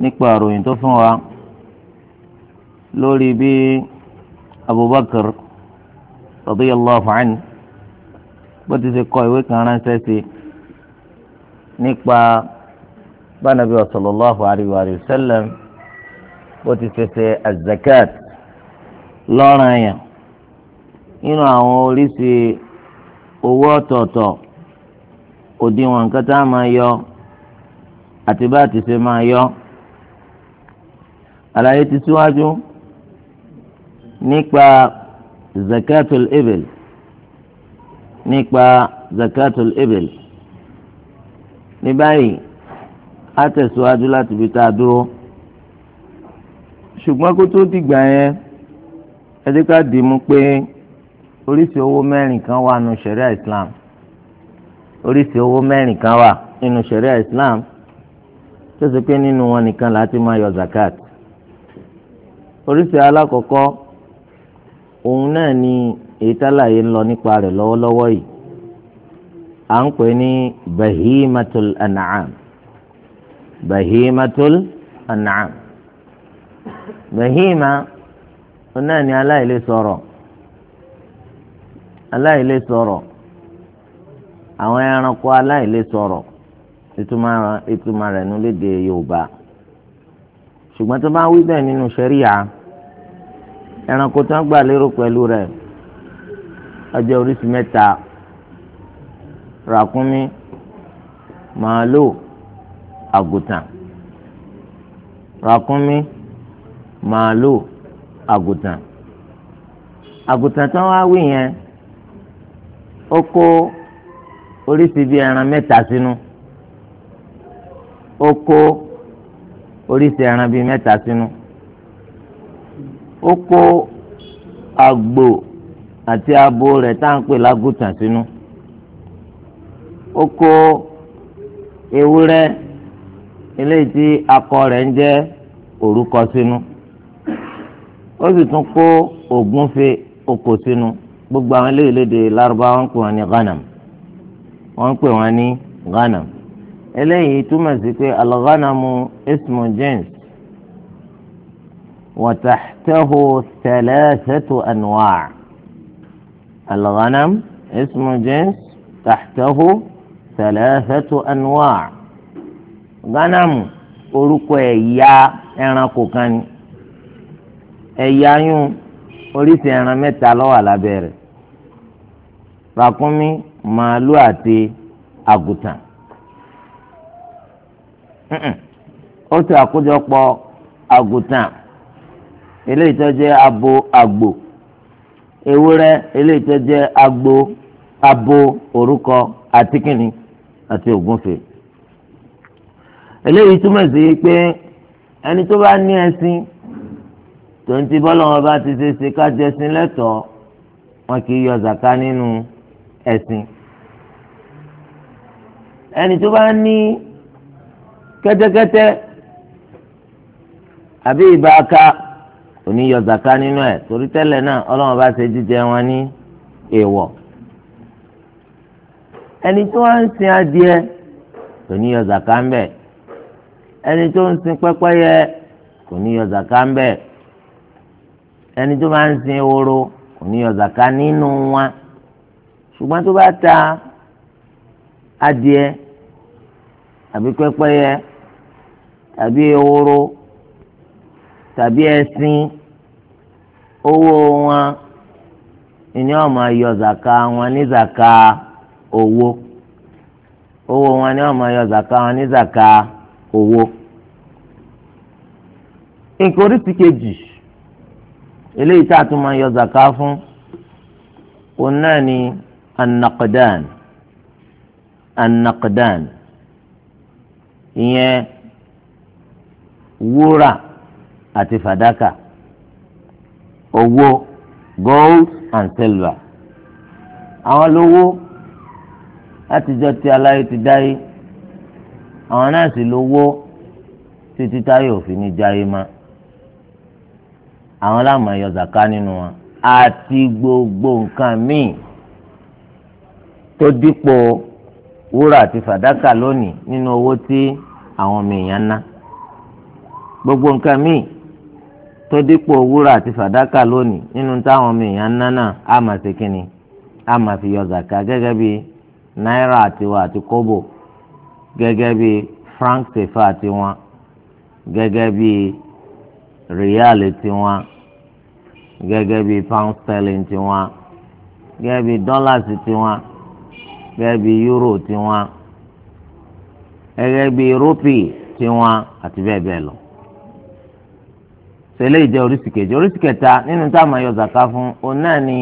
nípa àròyìn tó fún wa lórí bí Abubakar radiyallahu anhu bó ti ṣe kọ ìwé kan ránṣẹ́ sí nípa bánabi sallallahu alayhi wa sallam bó ti ṣe ṣe azakat lọ́ràn yẹn nínú àwọn oríṣi owó ọ̀tọ̀ọ̀tọ̀ òdiwọ̀n nǹkan tá a máa yọ àti bá ti ṣe máa yọ àlàyé ti síwájú nípa zakatul ibil nípa zakatul ibil ní báyìí a tẹ̀síwájú láti fi tá a dúró ṣùgbọ́n kó tó dìgbà yẹn ẹ jẹ́ ká dì í mú pé oríṣi owó mẹ́rin kan wà nínú ṣẹ̀ríà Islam oríṣi owó mẹ́rin kan wà nínú ṣẹ̀ríà Islam tó ṣe pé nínú wọn nìkan láti máa yọ zakat oríṣi alákọ̀ọ́kọ́ òun náà ni èyí tálàyé ń lọ nípa rẹ̀ lọ́wọ́lọ́wọ́ yìí à ń pè ní bahimatul an'am bahimatul an'am bahima òun náà ni aláìlè sọ̀rọ̀ aláìlè sọ̀rọ̀ àwọn ẹranko aláìlè sọ̀rọ̀ ìtumọ̀ rẹ̀ nílẹ̀ èdè Yorùbá ṣùgbọ́n tó bá wí bẹ́ẹ̀ nínú ṣẹ́ríyà. No ẹranko tí wọ́n gbà lérò pẹ̀lú orisi ọjọ́ oríṣi mẹ́ta ràkúnmí màálù àgùtàn ràkúnmí màálù àgùtàn àgùtàn tí wí yẹn ó kó oríṣi bíi ẹran mẹta sínú ó kó oríṣi ẹran bíi sínú. ó kó àgbò àti abo rẹ̀ tá à ń pè lágùtàn sínú ó kó ewúrẹ́ eléyìí tí akọ rẹ̀ ń jẹ́ òrúkọ sínú ó sì tún kó ògúnfe okò sínú gbogbo àwọn eléyìí léde lárúbáwá ń pè wọn ní ghanam wọn pè wọn ní ghanam eléyìí túmọ̀ sí pé alghanamu ismu jins وتحته ثلاثة أنواع الغنم اسم جنس تحته ثلاثة أنواع غنم orúkọ ẹ̀yà ẹranko kan ni ẹ̀yà yún oríṣi ẹran mẹ́ta ló wà lábẹ́ rẹ̀ ràkúnmí màálù àti àgùtàn ó ti àkójọpọ̀ àgùtàn eléyìí tó jẹ́ abo àgbò ewúrẹ́ eléyìí tó jẹ́ agbo abo orúkọ àti kìnnì àti ògúnfe eléyìí túmọ̀ sí pé ẹni tó bá ní ẹṣin tó ń ti bọ́lọ̀ wọn bá ti ṣe ṣe kájọ ẹṣin lẹ́tọ̀ọ́ wọn kì í yọ zàká nínú ẹṣin ẹni tó bá ní kẹ́tẹ́kẹ́tẹ́ àbí ìbáka. oníyọ zaka nínú ẹ̀ torí tẹ́lẹ̀ náà ọlọ́run bá ṣe jíjẹ wọn ní èèwọ̀ ẹni tó ń sin adìẹ kò ní ń ẹni tó ń sin pẹ́pẹ́yẹ kò ní ń ẹni tó bá ń sin ehoro kò nínú wọn tàbí ẹṣin owó wọn ni wọ́n máa zaka zàká wọn ní zàká owó owó wọn ni wọ́n máa yọ zàká wọn ní zàká owó. nǹkan oríṣi kejì eléyìí tá máa yọ zàká fún òun náà ni anakadan anakadan ìyẹn wúrà àti fàdákà owó gold and silver àwọn lówó látijọ́ tí aláyé ti dáyé àwọn náà sì lówó títí táyé òfin ní jáyé má àwọn láàmú ẹyọ zaka nínú wọn àti gbogbo nǹkan míì tó dípò wúrà àti fàdákà lónìí nínú owó tí àwọn ọmọ èèyàn ná gbogbo nǹkan míì tó dípò wúrà àti fàdákà lónìí nínú táwọn ọmọ èèyàn ná náà á máa ṣe kínni á máa fi yọ zàkà gẹ́gẹ́ bí náírà àtiwọn àti kóbò gẹ́gẹ́ bí franc sefa àtiwọn gẹ́gẹ́ bí rial tiwọn gẹ́gẹ́ euro gẹ́gẹ́ bí àti bẹ́ẹ̀ bẹ́ẹ̀ sẹlẹ̀ ìjẹ́ oríṣi kejì oríṣi kẹta nínú tá a máa yọ zaka fún òun náà ni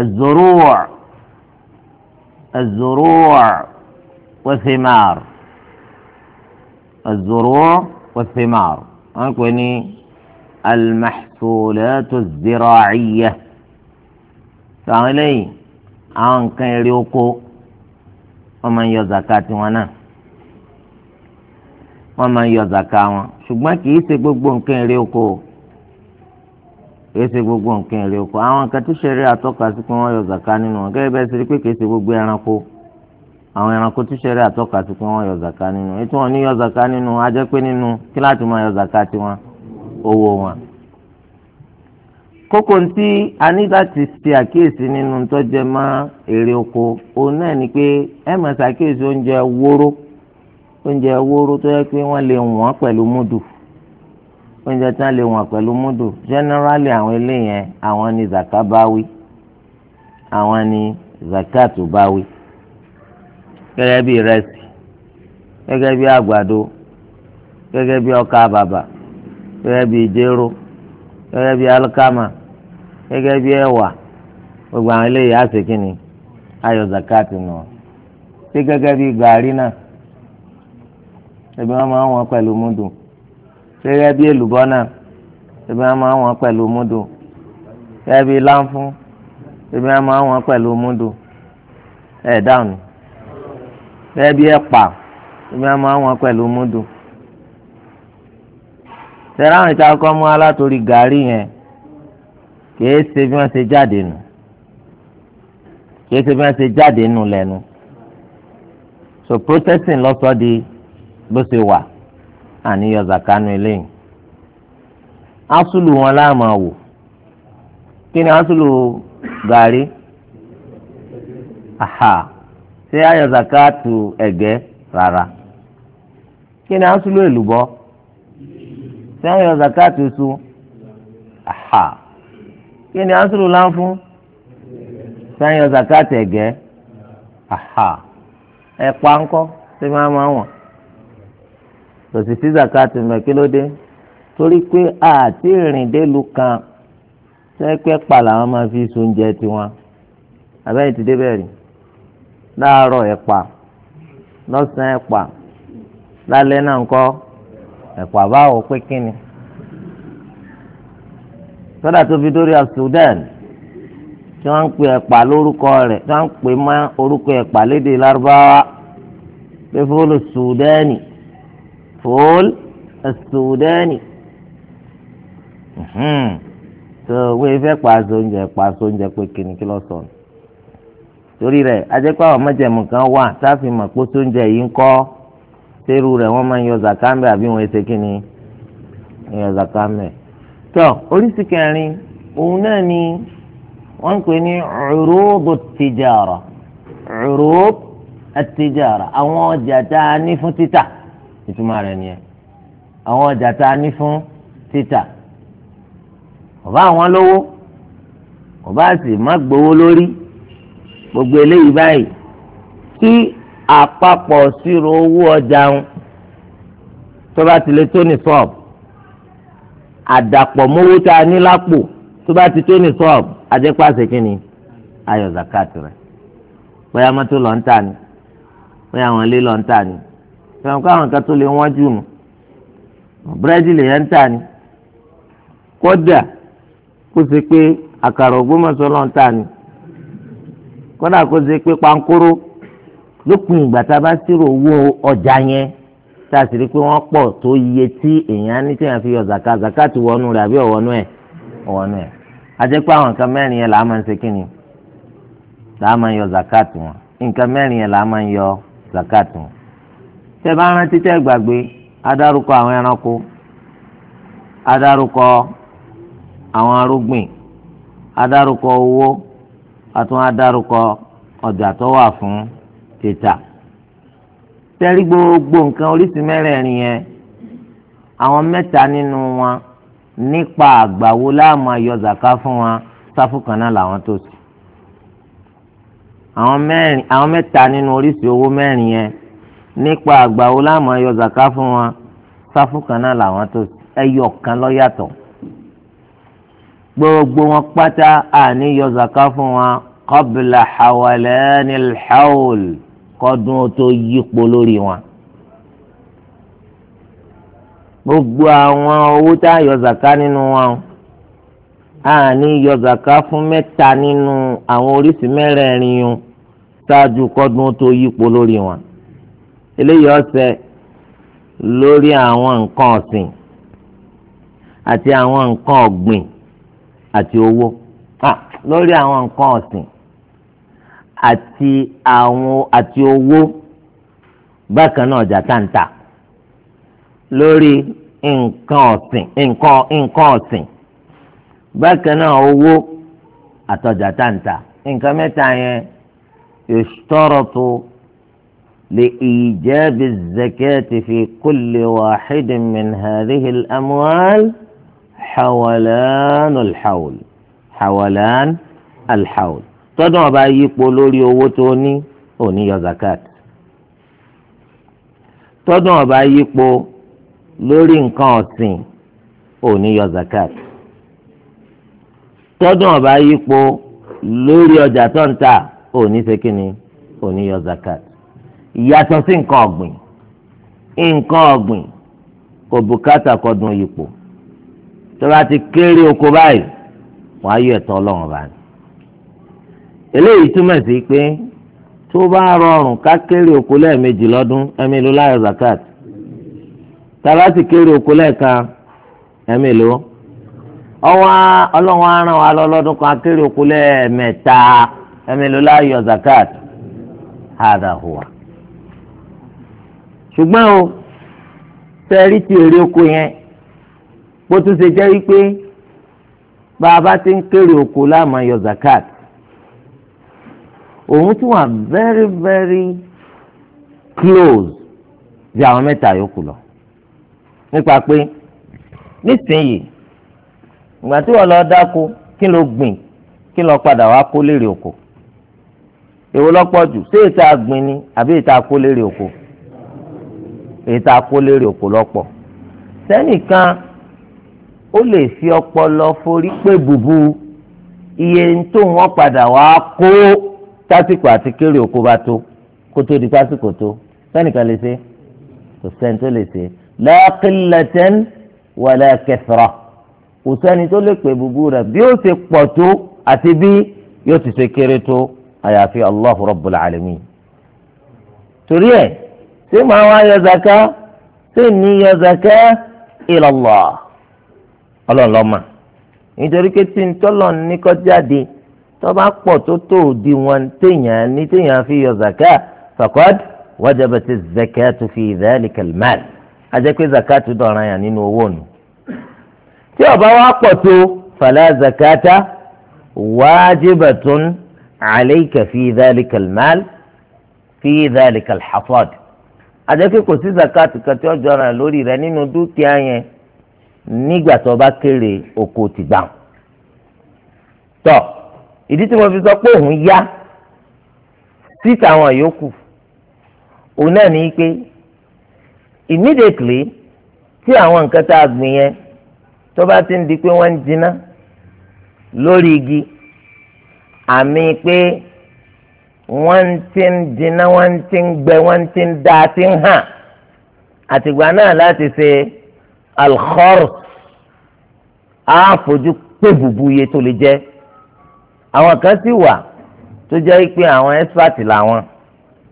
az-zuru' az-zuru' wath-thimar az-zuru' wath-thimar wọn pè ní al-mahsulatu az-zira'iyyah tàwọn àwọn nǹkan èrè oko wọn máa yọ zaka tiwọn náà. wọ́n máa ń yọ zaka wọn ṣùgbọ́n kì í ṣe gbogbo nǹkan èrè oko kì í ṣe gbogbo nǹkan èrè oko àwọn nǹkan tó ṣeré àtọ́ka sí pé wọ́n yọ zaka nínú wọn gẹ́gẹ́ bẹ́ẹ̀ ṣe rí pé kì í ṣe gbogbo ẹranko àwọn ẹranko tó ṣeré àtọ́ka sí pé wọ́n yọ zaka nínú ètò wọn ní yọ zaka nínú a jẹ́ pé nínú kí láti máa yọ zaka tiwọn owó wọn. kókó tí a ní láti ṣe àkíyèsí nínú tó jẹ mọ́ èrè oko òun náà ni pé ẹ máa oúnjẹ wóró oúnjẹ wóró tó yẹ pé wọ́n lè wọ́n pẹ̀lú múdù oúnjẹ tí wọ́n lè wọ́n múdù generally àwọn ni zaka báwí àwọn ni zakat báwí gẹ́gẹ́ bí rẹ́sì gẹ́gẹ́ bí àgbàdo gẹ́gẹ́ bí ọkà bàbà bí bí alikama gẹ́gẹ́ bí ẹ̀wà gbogbo àwọn eléyìí á zakat sí bí gàrí ẹbí wọn máa ń wọn pẹ̀lú múdù gẹ́gẹ́ bí èlùbọ́ náà ẹbí wọn máa ń wọn pẹ̀lú múdù gẹ́gẹ́ bí láǹfún ẹbí wọn máa ń wọn pẹ̀lú múdù ẹ̀ dáhùn gẹ́gẹ́ bí ẹ̀pà ẹbí wọn máa ń wọn pẹ̀lú múdù tẹ̀lé àwọn ìta kọ́ mú alátorí gàárì yẹn kìí ṣe bí wọ́n ṣe jáde nù kìí ṣe bí wọ́n ṣe jáde nù lẹ́nu so protesting lọ́sọ̀ọ́ di. bó ṣe wà àníyọ zakanu eléyìí asulu wọn láàmà wò kí ni asulu gàrí aha ṣé ayọ zakatu ẹ̀gẹ́ rárá kí ni asulu èlùbọ́ ṣé ayọ zakatu su aha kí ni asulu láǹfún ṣé ayọ zakatu ẹ̀gẹ́ aha ẹ̀pà ńkọ́ ṣé máa máa wọ̀n. kò sì sí zakati mọ̀ kí ló dé torí pé àti ìrìndélu kan sẹ́pẹ́ pa làwọn máa fi sóúnjẹ tiwọn àbẹ́yìn ti dé bẹ́ẹ̀ rí láàárọ̀ ẹ̀pà lọ́sàn-án ẹ̀pà lálẹ́ náà ńkọ́ ẹ̀pà báwo pé kíni sọ́dà tó fi dórí Sudan tí wọ́n ń pè ẹ̀pà lórúkọ rẹ̀ tí wọ́n ń pè mọ́ orúkọ ẹ̀pà lédè lárúbáwá pé fóònù Sudani. فول السوداني هم، wọ́n fẹ́ pàṣẹ oúnjẹ pàṣẹ oúnjẹ pé kíni kí ló sọ torí rẹ̀ ajẹ́pẹ́ àwọn mọ̀jẹ̀mú kan wà táàfin mọ̀ pé sóúnjẹ yìí ń kọ́ sẹ́rù rẹ̀ wọ́n máa ń yọ zakambe àbí wọ́n ṣe kíni yọ zakambe. tó oríṣi kẹrin òun náà ni wọ́n ń pè ní urud at-tijara urud àwọn ọjà tá a ní fún títà ìtumọ̀ rẹ̀ nìyẹn àwọn ọjà tá a ní fún títà ọba àwọn lówó ọba sì má gbowó lórí gbogbo eléyìí báyìí tí àpapọ̀ sírò owó ọjà ń tó bá ti lè tó ní sọ́ọ̀bù àdàpọ̀ mówó tá a ní lápò tó bá ti tó ní sọ́ọ̀bù adépàṣẹ kínní ayọ̀ zakat rẹ̀ bóyá mọ́tò lọ́ntà ni bóyá àwọn ilé lọ́ntà ni sọ̀rọ̀ kó àwọn kan tó lè wọ́n jù nù búrẹ́dì lèyẹn ń tà ní kódà kó ṣe pé àkàrà Ògbómọ̀ṣọ́ ló ń tà ní kódà kó ṣe pé pankóró lópin ìgbà tá a bá ṣírò owó ọjà yẹn tá a sì rí pé wọ́n pọ̀ tó iye tí èèyàn ní tí èèyàn fi yọ zaka zaka ti wọnú rẹ̀ àbí ọ̀wọ́nú ẹ̀ ọ̀wọ́nú ẹ̀ ajẹ́ àwọn nǹkan mẹ́rin yẹn là máa ń ṣe kí ni là á máa ń yọ zaka tiwọn nǹkan mẹ́rin yẹn là máa ń yọ zaka tiwọn tẹ́ bá rántí tẹ́ gbàgbé adárúkọ àwọn ẹranko adárúkọ àwọn arúgbìn adárúkọ owó àtún adárúkọ ọjà tó wà fún títà tẹ́rí gbogbo nǹkan oríṣi mẹ́rẹ̀ẹ̀rin yẹn àwọn mẹ́ta nínú wọn nípa àgbàwo láàmú ayọ zàká fún wọn sáfù kan náà làwọn tó sí àwọn mẹ́ta nínú oríṣi owó mẹ́rin yẹn nípa àgbà wo láàmú ayọ zaka fún wọn sáfù kan náà làwọn tó ẹyọ kan lọ yàtọ̀ gbogbo wọn pátá àní yọ zaka fún wọn qabla hawalanil hawl kọdún tó yípo lórí wọn gbogbo àwọn owó tá a yọ zaka nínú wọn àní yọ zaka fún mẹ́ta nínú àwọn oríṣi mẹ́rẹ̀ẹ̀rin yun ṣáájú kọdún tó yípo lórí wọn eléyìí ọ̀sẹ̀ lórí àwọn nǹkan ọ̀sìn àti àwọn nǹkan ọ̀gbìn àti owó lórí àwọn nǹkan ọ̀sìn àti àwọn àti owó bákan náà ọjà táǹtà lórí nǹkan ọ̀sìn nǹkan nǹkan ọ̀sìn bákan náà owó àtọjà táǹtà nǹkan mẹ́ta yẹn yòṣtọ́rọ̀ tó. لإيجاب الزكاة في كل واحد من هذه الأموال حولان الحول حولان الحول tọdún ọba yípo lórí owó tó ní òní yọ zakat tọdún ọba yípo lórí nǹkan ọ̀sìn òní yọ zakat tọdún ọba yípo lórí ọjà tó òní ṣe kínní òní yọ zakat ìyàtọ̀ sí nǹkan ọ̀gbìn nǹkan ọ̀gbìn kò bùkátà kọdùn yípo tó bá ti kéré oko báyìí wàá yọ ẹ̀tọ́ ọlọ́run bá ní. eléyìí túmọ̀ sí pé tó bá rọrùn ká kéré oko lẹ́ẹ̀mejì lọ́dún ẹ̀mí ló láyọ̀ zakat tá a bá ti kéré oko lẹ́ẹ̀kan ẹ̀mí ló ọwọ́ ọlọ́run á ràn lọ́dún kan kéré oko lẹ́ẹ̀mẹ́ta ẹ̀mí ló láyọ̀ zakat hada huwa ṣùgbọ́n o tẹ́rí ti èrè oko yẹn bó tún ṣe jẹ́ wípé bá a bá ti ń kéré oko láàmú ayọ̀ zakat òun tún wà very very close bí àwọn mẹ́ta yòókù lọ nípa pé nísìnyí ìgbà tí wọ́n lọ dáko kí ló gbìn kí ló padà wá kó lérè oko èwo lọ́pọ̀ jù ṣé èta gbìn ni àbí èta kó lérè oko èyí tá a kó lérè ọ̀pọ̀lọpọ̀ sẹ́nìkan ó lè fi ọpọlọ forí pé bùbù iye tó wọ́n padà wá kó tásìkò àti kéré oko bá tó kó tó di tásìkò tó sẹ́nìkan lè ṣe kò sẹ́ni tó lè ṣe la qillatan wala kathra kò sẹ́ni tó lè pè bùbù rẹ̀ bí ó ṣe pọ̀ tó àti bí yóò ti ṣe kéré tó àyàfi Allahu Rabbul Alamin torí ẹ̀ ṣé màá wá yọ zaka ṣé ní yọ zaka ilallah ọlọ́run lọ́mà nítorí pé tí n tọ́lọ̀ ní kó jáde tó bá pọ̀ tó tó di wọn téèyàn ní téèyàn fi yọ zaka faqad wajabati zakatu fi dhalika almal ajẹ́ pé zakatu dọ̀ràn yàn nínú owó nù tí ó wá pọ̀ tó fala zakata wajibatun alayka fi dhalika almal fi dhalika alhasad àjẹkẹ́ kò sí zakat kan tí ó jọra lórí rẹ nínú dúkìá yẹn nígbà tó bá kéré oko tìgbà tọ ìdí tí mo fi sọ pé òun yá síta àwọn yòókù òun náà ní pé immediately tí àwọn nǹkan tá a gbìn yẹn tó bá ti ń di pé wọ́n ń jiná lórí igi àmì pé wọ́n ti ń dínà wọ́n ti ń gbẹ wọ́n ti ń da ti ń hàn àtìgbà náà láti ṣe alkhor á fojú pé bùbù iye tó lè jẹ́ àwọn kan sì wà tó jẹ́ pé àwọn expert làwọn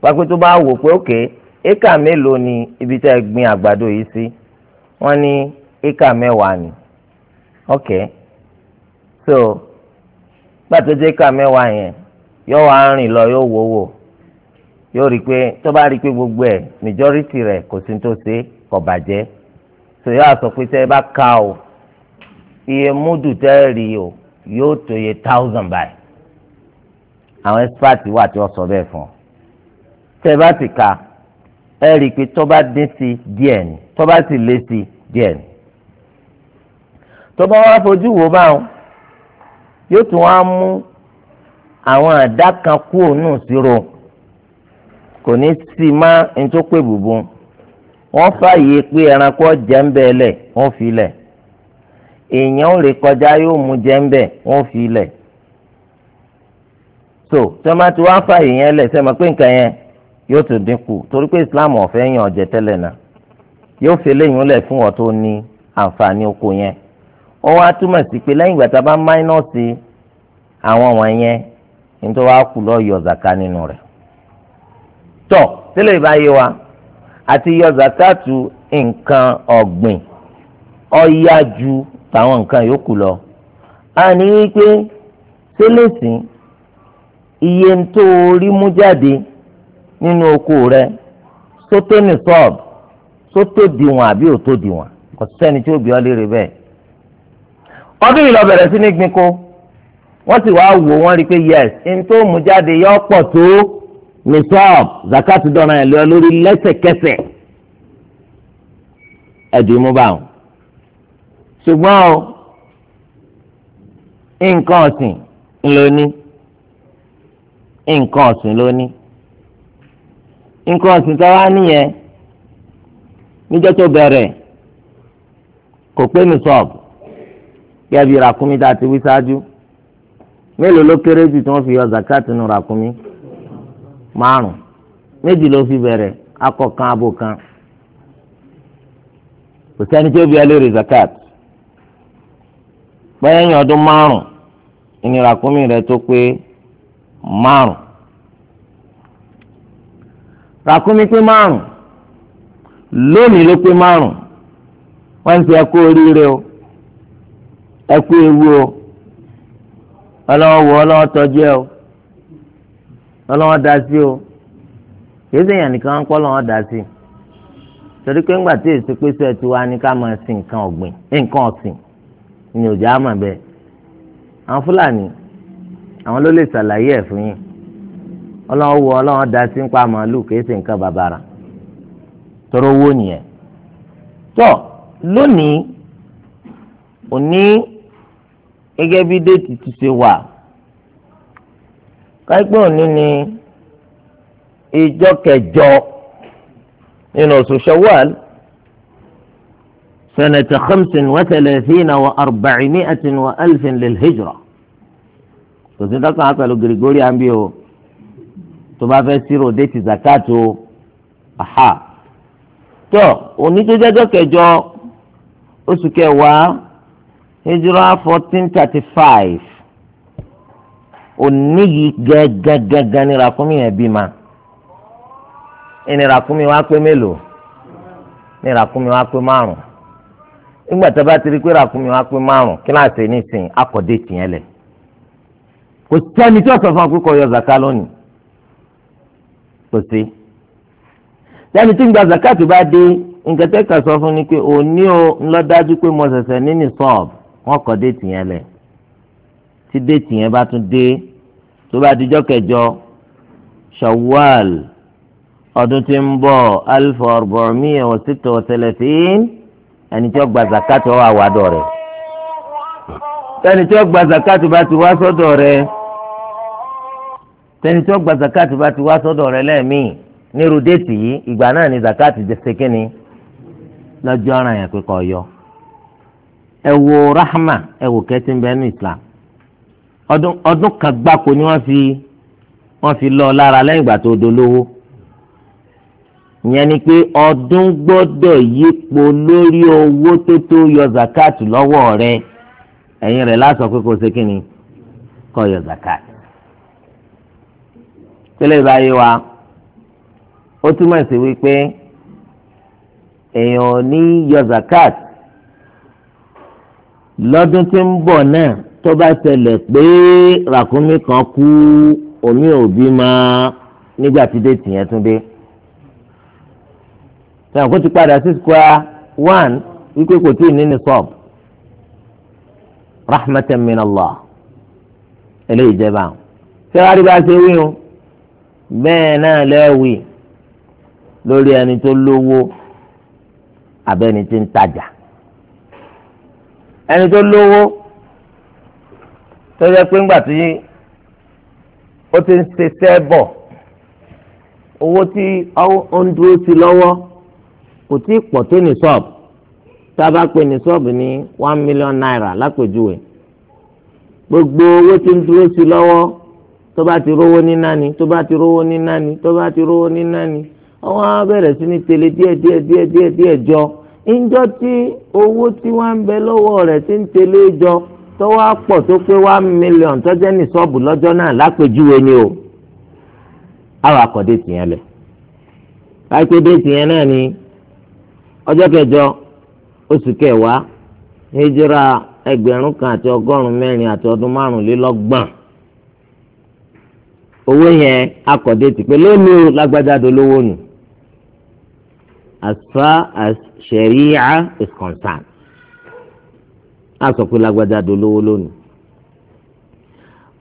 pápẹ́ tó bá wò pé òkè éka mélòó ni ibi tẹ́ ẹ gbin àgbàdo yìí sí wọ́n ní éka mẹ́wàá ni ok so gbàtọ́jú éka mẹ́wàá yẹn yóò wá rìn lọ yóò wò wò yóò rí i pé tó bá rí pé gbogbo ẹ̀ majority rẹ̀ kò sí tó ṣe kò bàjẹ́ so yóò sọ pé tẹ́ ẹ bá ka o iye múdù tẹ́ ẹ rí o yóò tó iye thousand by. àwọn expert wà tí wọ́n sọ bẹ́ẹ̀ fún ọ tẹ́ ẹ bá ti ka ẹ rí i pé tó bá dín sí díẹ̀ ni tó bá sì lé sí díẹ̀ ni tó bá wá fojú wò báwọn yóò tún wá mú àwọn àdá kan kú òun kò ní sí má ní tó pè bùbù wọ́n fààyè pé ẹranko jẹ́ ń wọ́n fi lẹ̀ èèyàn ò lè kọjá yóò mú jẹ́ ń wọ́n fi lẹ̀ so yẹn lẹ̀ pé nǹkan yẹn yóò tún dínkù torí pé Islam ọ̀fẹ́ yàn ọ̀jẹ̀ tẹ́lẹ̀ náà yóò fi léyìn fún wọn tó ní àǹfààní oko yẹn wá nítorí wàá kù lọ yọ zaka nínú rẹ̀ tọ sílẹ̀ ìbáyé wa àti yọ zakatu nǹkan ọ̀gbìn ọ̀yá ju tàwọn nǹkan yòókù lọ a ní wípé sílẹ̀sìn iye tó rí mú jáde nínú oko rẹ̀ sótó ní sọ́ọ̀bù sótó diwọn àbí òtó diwọn kò sẹ́ni tí ó bí ọ léèrè bẹ́ẹ̀ ọdún yìí lọ bẹ̀rẹ̀ sí ní gbin kó wọ́n sì wá wò wọ́n rí i pé yes n tó mú jáde yọ pọ̀ tó nisab zakat dọ̀nà ẹ̀ lọ lórí lẹ́sẹ̀kẹsẹ̀ ẹ̀dùn mú bá wọn. ṣùgbọ́n o nǹkan ọ̀sìn lóní nǹkan ọ̀sìn lóní nǹkan ọ̀sìn tó wá nìyẹn níjọ́ tó bẹ̀rẹ̀ kò pé nisab gẹ́gẹ́ bí ràkúnmí tá a ti mélòó ló kéré jù tí wọ́n fi yọ zakat nù ràkúnmí márùn méjì ló fi bẹ̀rẹ̀ akọ kan abo kan kò sẹ́ni tí ó bí ẹlẹ́rìí zakat pẹ́yìn ọdún márùn ìní ràkúnmí rẹ̀ tó pé márùn ràkúnmí pé márùn lónìí ló pé márùn wọ́n ń ẹkú oríire o ẹkú ewu o. ọlọ́wọ́ wo ọlọ́wọ́ tọ́jú ẹ o ọlọ́wọ́ dá sí o kìí sèyàn nìkan kọ́ lọ́wọ́ dá sí torí pé ńgbà tí èsì pèsè ẹ̀ tí wá ní ká máa sin nǹkan ọ̀gbìn nǹkan ọ̀sìn ni òjò á mà bẹ́ẹ̀ àwọn fúlàní àwọn ló lè ṣàlàyé ẹ̀ fún yín ọlọ́wọ́ wo ọlọ́wọ́ dá sí ń màálù kìí nǹkan bàbàrà tọrọ owó nìyẹn tọ, lónìí òní. gẹ́gẹ́ bí déètì ti ṣe wà káípẹ́ òní ni ìjọ kẹjọ nínú oṣù Shawwal sanata khamsin wa thalathina wa arba'imi'atin wa alfin lil hijra kò sí dákàn á pẹ̀lú gírígórí à ń bí o tó bá fẹ́ sírò déètì zakat aha tó òní kẹjọ oṣù kẹwàá hijira fourteen thirty five òní yìí gẹ́gẹ́gẹ́gẹ́ ni ràkúnmí yẹn bí ma ìní ràkúnmí wa pé mélòó ní ràkúnmí wa pé márùn nígbà tó bá ti rí pé ràkúnmí wa pé márùn kíláàsì nísìnyí akọ̀dé tìyẹn lẹ̀ kò sẹ́ni tí wọ́n sọ fún akókò yọ zaka lónìí kò sí sẹ́ni tí gba zakati bá dé nǹkan tẹ́ sọ fún ni pé òní o ńlọ dájú pé mo ṣẹ̀ṣẹ̀ ní ní sọ́ọ̀bù wọ́n kọ déètì yẹn lẹ̀ tí déètì yẹn bá tún dé tó bá dijọ́ kẹjọ shawwal ọdún tí ń bọ̀ alifu ọ̀rọ̀míyàn wọ́n sì tọ̀ tẹlẹsìn ẹni tí ó gba zakati ó wà wádọ̀ tẹni tí ó gba zakati bá ti wá sọ́dọ̀ rẹ̀ tẹni tí ó gba zakati bá ti wá sọ́dọ̀ rẹ̀ lẹ́ẹ̀mìí nírú déètì yìí ìgbà náà ni zakati ti ṣe kínni lọ́jọ́ ara yẹn pé kọ́ yọ. ewu rahma ẹ kẹtí ní islam ọdún ọdún kan gbáko ni wọn fi lọ lára lẹ́yìn ìgbà tó dolówó ìyẹn ni pé ọdún gbọdọ yípo lórí owó tó tó yọ zakat lọ́wọ́ rẹ̀ ẹ̀yin rẹ̀ lásán pé ni kọ yọ zakat ìbáyé wa ó túmọ̀ sí wípé èèyàn ò ní lọ́dún tí ń bọ̀ náà tó bá ṣẹlẹ̀ pé ràkúnmí kan kú omi òbí máa nígbà tí dé tìyẹn tún dé. sọ̀rọ̀ kó ti padà sí square one wípé kò tí ì ní ní sọ́ọ̀b rahmatan min Allah eléyìí jẹ́ báwọn. ṣé wàá rí bá ṣe wí o bẹ́ẹ̀ náà lẹ́wì lórí ẹni tó lówó abẹ́ni tí ń tajà ẹni tó lówó tó yẹ pé ńgbà tí ó ti ń ṣe sẹ́ẹ̀bọ̀ owó tí ó ń dúró sí lọ́wọ́ kò tí ì pọ̀ tó ní sọ́ọ̀bù tá a bá pè ní sọ́ọ̀bù ní one million naira lápèjúwe gbogbo owó tí ń dúró sí lọ́wọ́ tó bá ti rówó ní náni tó bá ti rówó ní náni tó bá ti rówó ní náni àwọn á bẹ̀rẹ̀ sí ní tẹ̀lé díẹ̀ díẹ̀ díẹ̀ díẹ̀ díẹ̀ jọ. ńjọ́ tí owó tí wọ́n ń bẹ lọ́wọ́ rẹ̀ ti ń tẹ̀lé jọ tó wá pọ̀ tó pé one million tó ní sọ́ọ̀bù lọ́jọ́ náà lápèjúwe ni o àwọn àkọ́dé tìyẹn lẹ̀ láìpẹ́dé tìyẹn náà ni ọjọ́ kẹjọ oṣù kẹwàá hijira ẹgbẹ̀rún kan àti ọgọ́rùn-ún mẹ́rin àti ọdún márùnlélọ́gbọ̀n owó yẹn akọ̀dé tì pé lónìí o lágbájá dolówó nù as far as sharia is concerned a sọ pé lágbájá dolówó lónìí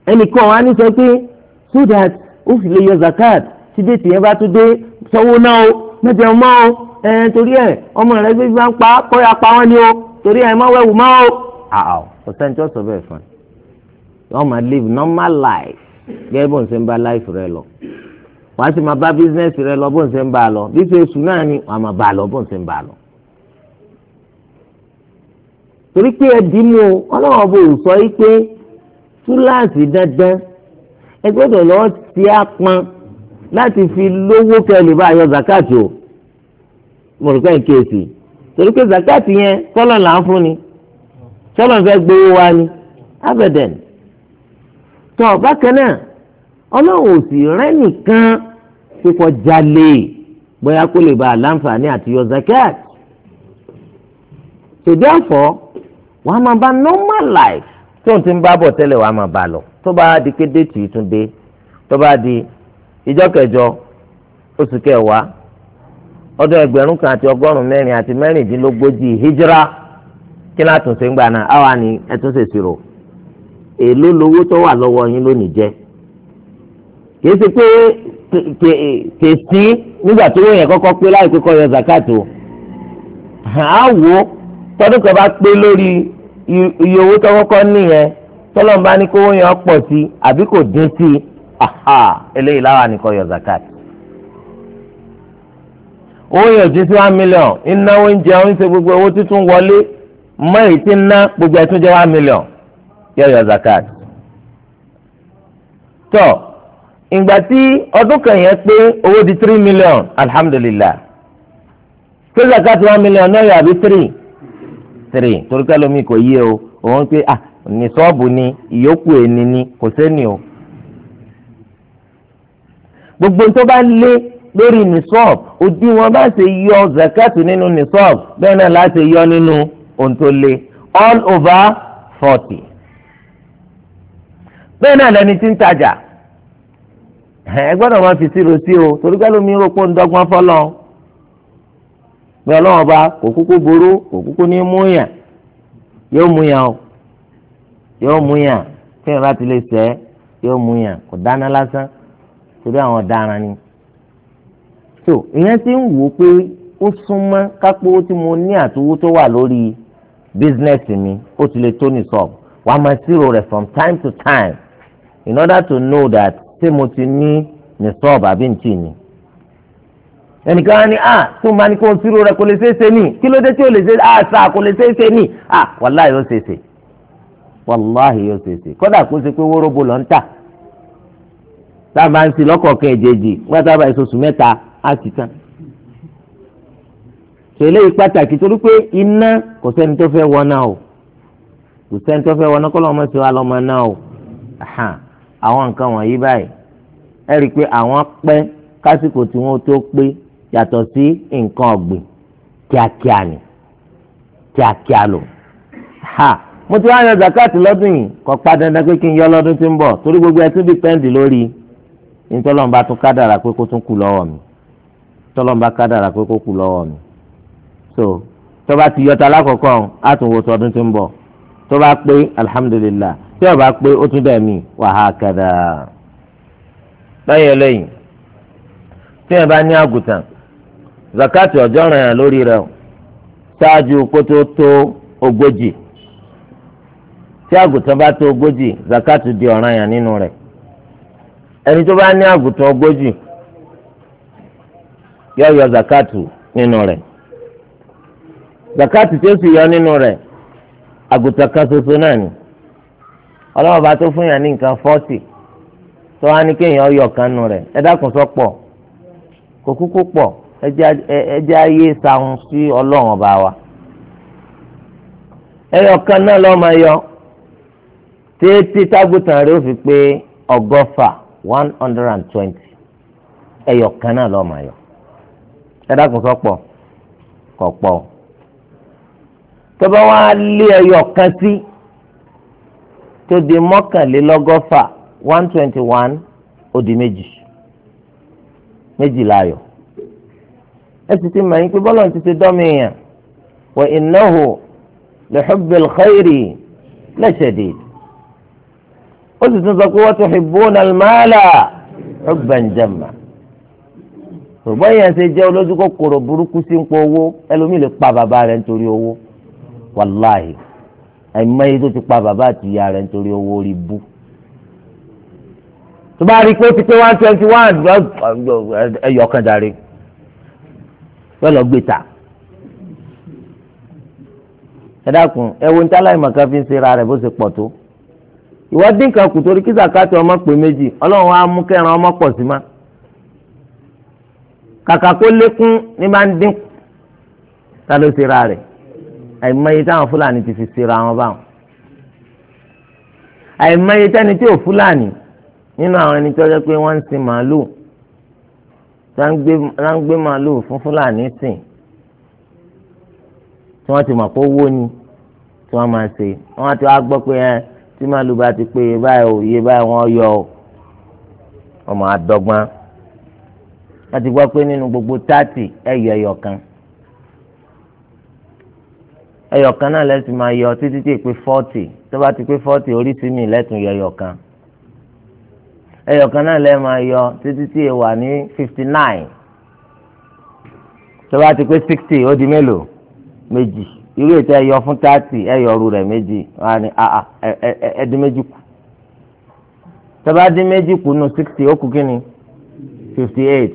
ẹnìkan wa ní sọ pé so that ó fi lè yọ zakat tí déètì yẹn bá tún dé sanwó náà o mẹjẹ mọ o ẹ torí ẹ ọmọ rẹ gbé bá ń pa kọyà pa wọn ni o torí ẹ má wẹwù mọ o. àà ọ̀sẹ̀ni tó sọ bẹ́ẹ̀ fún ẹ wọ́n live normal life gẹ́gẹ́ bó ń ṣe ń bá life rẹ lọ wàá sì máa bá business rẹ lọ bó ń ṣe ń bá a lọ bí ṣe sùn náà ni wàá máa bá a lọ bó ń ṣe ń bá a lọ torí pé ẹ dì í mú o ọlọ́wọ́n bò ó sọ yìí pé túláàsì dandan ẹ gbọ́dọ̀ lọ́ọ́ ti á pọn láti fi lówó kẹlẹ̀ bá yọ zakati o mo rò pé n kéèsì torí pé zakati yẹn kọ́lọ̀ là ń fún ni kọ́lọ̀ fẹ́ gbowó wa ni abẹ́dẹ̀n tọ́ bákan náà ọlọ́wọ́n sì rẹ́nìkan pípọ̀ jalè bóyá kó lè bá a láǹfààní àti yọ zakati tòdí àfọ́. wàá máa bá normal life tó ń ti ń bá bọ̀ tẹ́lẹ̀ wàá máa bá lọ tó bá di kéde déètì yìí tún dé tó bá di ìjọ kẹjọ oṣù kẹwàá ọdún ẹgbẹ̀rún kan àti ọgọ́rùn-ún mẹ́rin àti mẹ́rìndínlógójì hijra kí láti tún ṣe ń gbà náà ni ẹ tún ṣe lọ́wọ́ yín lónìí jẹ́ kìí ṣe pé kèsì tọdún kan bá pé lórí iye owó tọkọkọ nìyẹn tọlọmọba ní kówó yẹn pọ̀ sí àbí kò dín sí eléyìí láwa nìkan yọ zakat owó yẹn dín sí one million iná oúnjẹ oúnjẹ gbogbo owó tuntun wọlé mọ èyí tí ń ná gbogbo ẹ̀ tún one million yọ yọ zakat tọ ìgbà tí ọdún kan yẹn pé owó di three million alhamdulillah ṣé zakat one million náà yọ àbí three three torí ká lómi kò yé o òun pé ah ní sọ́ọ̀bù ni ìyókù ẹni ni kò sẹ́ni o gbogbo tó bá lé lórí nisọ́ọ̀b òdiwọ̀n bá ṣe yọ zakatu nínú nisọ́ọ̀b bẹ́ẹ̀ náà láti yọ nínú ohun tó lé all over forty bẹ́ẹ̀ náà lẹni tí ń tajà ẹ gbọ́dọ̀ máa fi síro sí o torí ká lómi rò pé ń dọ́gbọ́n fọlọ́n pé ọlọ́wọ́n bá kò kúkú burú kò kúkú ní mú yàn yóò mú yàn o yóò mú yàn tí ìrora ti lè sẹ́ yóò mú yàn kò dáná lásán torí àwọn ọ̀daràn ni. so ìyẹn ti ń wò ó pé ó súnmọ́ kápó tí mo ní àtúwó tó wà lórí bísínẹ́sì mi ó ti lè tó ní sọ wàá máa ṣírò rẹ̀ from time to time in order to know that ṣé mo ti ní ní sọ́ọ̀bù àbí ntì ni ẹnìkan á ní à tó máa ní kó o sírò rẹ kò lè ṣeéṣe ní kí ló dé tí ò lè ṣe à sà kò lè ṣeéṣe ní à wàláhì yóò ṣeéṣe wàláhì yóò ṣeéṣe kódà kó ṣe pé wóróbó lọ ń tà tá a máa ń sin lọ́kọ̀ọ̀kan ẹ̀jẹ̀jì wọ́n sábà ìṣoṣù mẹ́ta á ti tán. tẹ̀lé pàtàkì torí pé iná kò sẹ́ni tó fẹ́ wọná o kò sẹ́ni tó fẹ́ wọná kọ́ lọ́mọ sí wa lọ́mọ náà yàtọ̀ sí nǹkan ọ̀gbìn kíákíá ni kíákíá lò ha mo ti wá yan zakat lọ́dún yìí kò pa dandan pé kí n yọ lọ́dún tí ń bọ̀ torí gbogbo ẹ tún dìpẹ́ǹdì lórí ntọ́lọ́mùbá tún kádàrà pé kó tún kù lọ́wọ́ mi tọ́lọ́mùbá kádàrà pé kó kù lọ́wọ́ mi so tó bá ti yọta lákọ̀ọ́kọ́ á tún wo sọdún tí ń bọ̀ tó pé alhamdulillah tí ó bá pé ó tún dẹ̀ mí wa hakada lẹ́yìn lẹ́yìn tí ẹ bá ní àgùntàn zakati ọjọọ ràn yàn lórí rẹ̀ ṣáájú kó tó ogójì tí àgùntàn bá tó ogójì zakati di ọ̀ràn yàn nínú rẹ̀ ẹni tó bá ní àgùntàn ogójì yọ yọ zakatu nínú rẹ zakati tí sì yọ nínú rẹ àgùntàn kan ṣoṣo náà ni ọlọ́wọ́ tó fún yàn ní nǹkan fọ́ọ̀tì tó wá ní kéèyàn yọ ẹjẹ́ ayé sahun sí ọlọ́run ọba wa ẹyọ kan náà lọ́ọ́ máa yọ títí tágùtàn rẹ̀ ó fi pé ọgọ́fà one hundred and twenty ẹyọ kan náà lọ́ọ́ máa yọ ẹ dákun sọ́pọ̀ kọ̀ pọ̀ tó bá lé ẹyọ kan sí tó di mọ́kànlélọ́gọ́fà one twenty one ó di méjì méjì láyọ̀. ẹ sì ti mọ̀ yín pé bọ́lọ̀ ti ti dọ́mi yàn wa innahu li hubbil khayri la shadid ó sì tún sọ pé wa tuhibbuna al-mala hubban jamma ṣùgbọ́n yẹn ṣe jẹ́ olójú kòkòrò burúkú sí ń pọ owó ẹlòmíì lè pa bàbá rẹ̀ nítorí owó wàláhì àìmọye tó ti pa bàbá àti ìyá rẹ̀ nítorí owó rí bú tó bá rí i pé ó ti pé one twenty one ẹyọ kan darí yóò lọ gbé ta ẹ dákun ẹ wo níta láì màkà fi ń ṣe ra rẹ̀ bó ṣe pọ̀ tó ìwọ dín kan kù torí kí zakati ọmọ pè méjì ọlọ́run á mú kẹran ọmọ pọ̀ sí ma kàkà kó lékún ní máa ń dín ta ló ṣe ra rẹ̀ àìmọye táwọn fúlàní ti fi ṣe ra wọn báwọn àìmọye tẹni tí ò fúlàní nínú àwọn ẹni tó jẹ́ pé wọ́n ń sin màálù ráńgbé màálù fún fúlàní sìn tí wọ́n ti mọ̀ pé owó ni tí wọ́n máa ṣe wọ́n ti wá gbọ́ pé ẹ tí màálù bá ti pé iye báyìí ò iye báyìí wọ́n yọ ọ́ ọmọ àdọ́gbọ́n wọ́n ti gbọ́ pé nínú gbogbo táàtì ẹ̀yọ ẹ̀yọ kan ẹ̀yọ kan náà lẹ́sìn máa yọ títí tí ì pé fọ́ọ̀tì tó bá ti pé fọ́ọ̀tì oríṣi mi lẹ́tùn yọ ẹ̀yọ kan. ẹyọkan náà lẹ́ẹ̀ máa yọ títí tí ẹ wà ní fifty nine tó bá ti pé sixty ó di mélòó méjì irú ètò ẹyọ fún thirty ẹyọ ọrù rẹ̀ méjì wà ní ah, ah, ẹdín méjì kù tó bá dín méjì kù nù sixty ó kù kí ni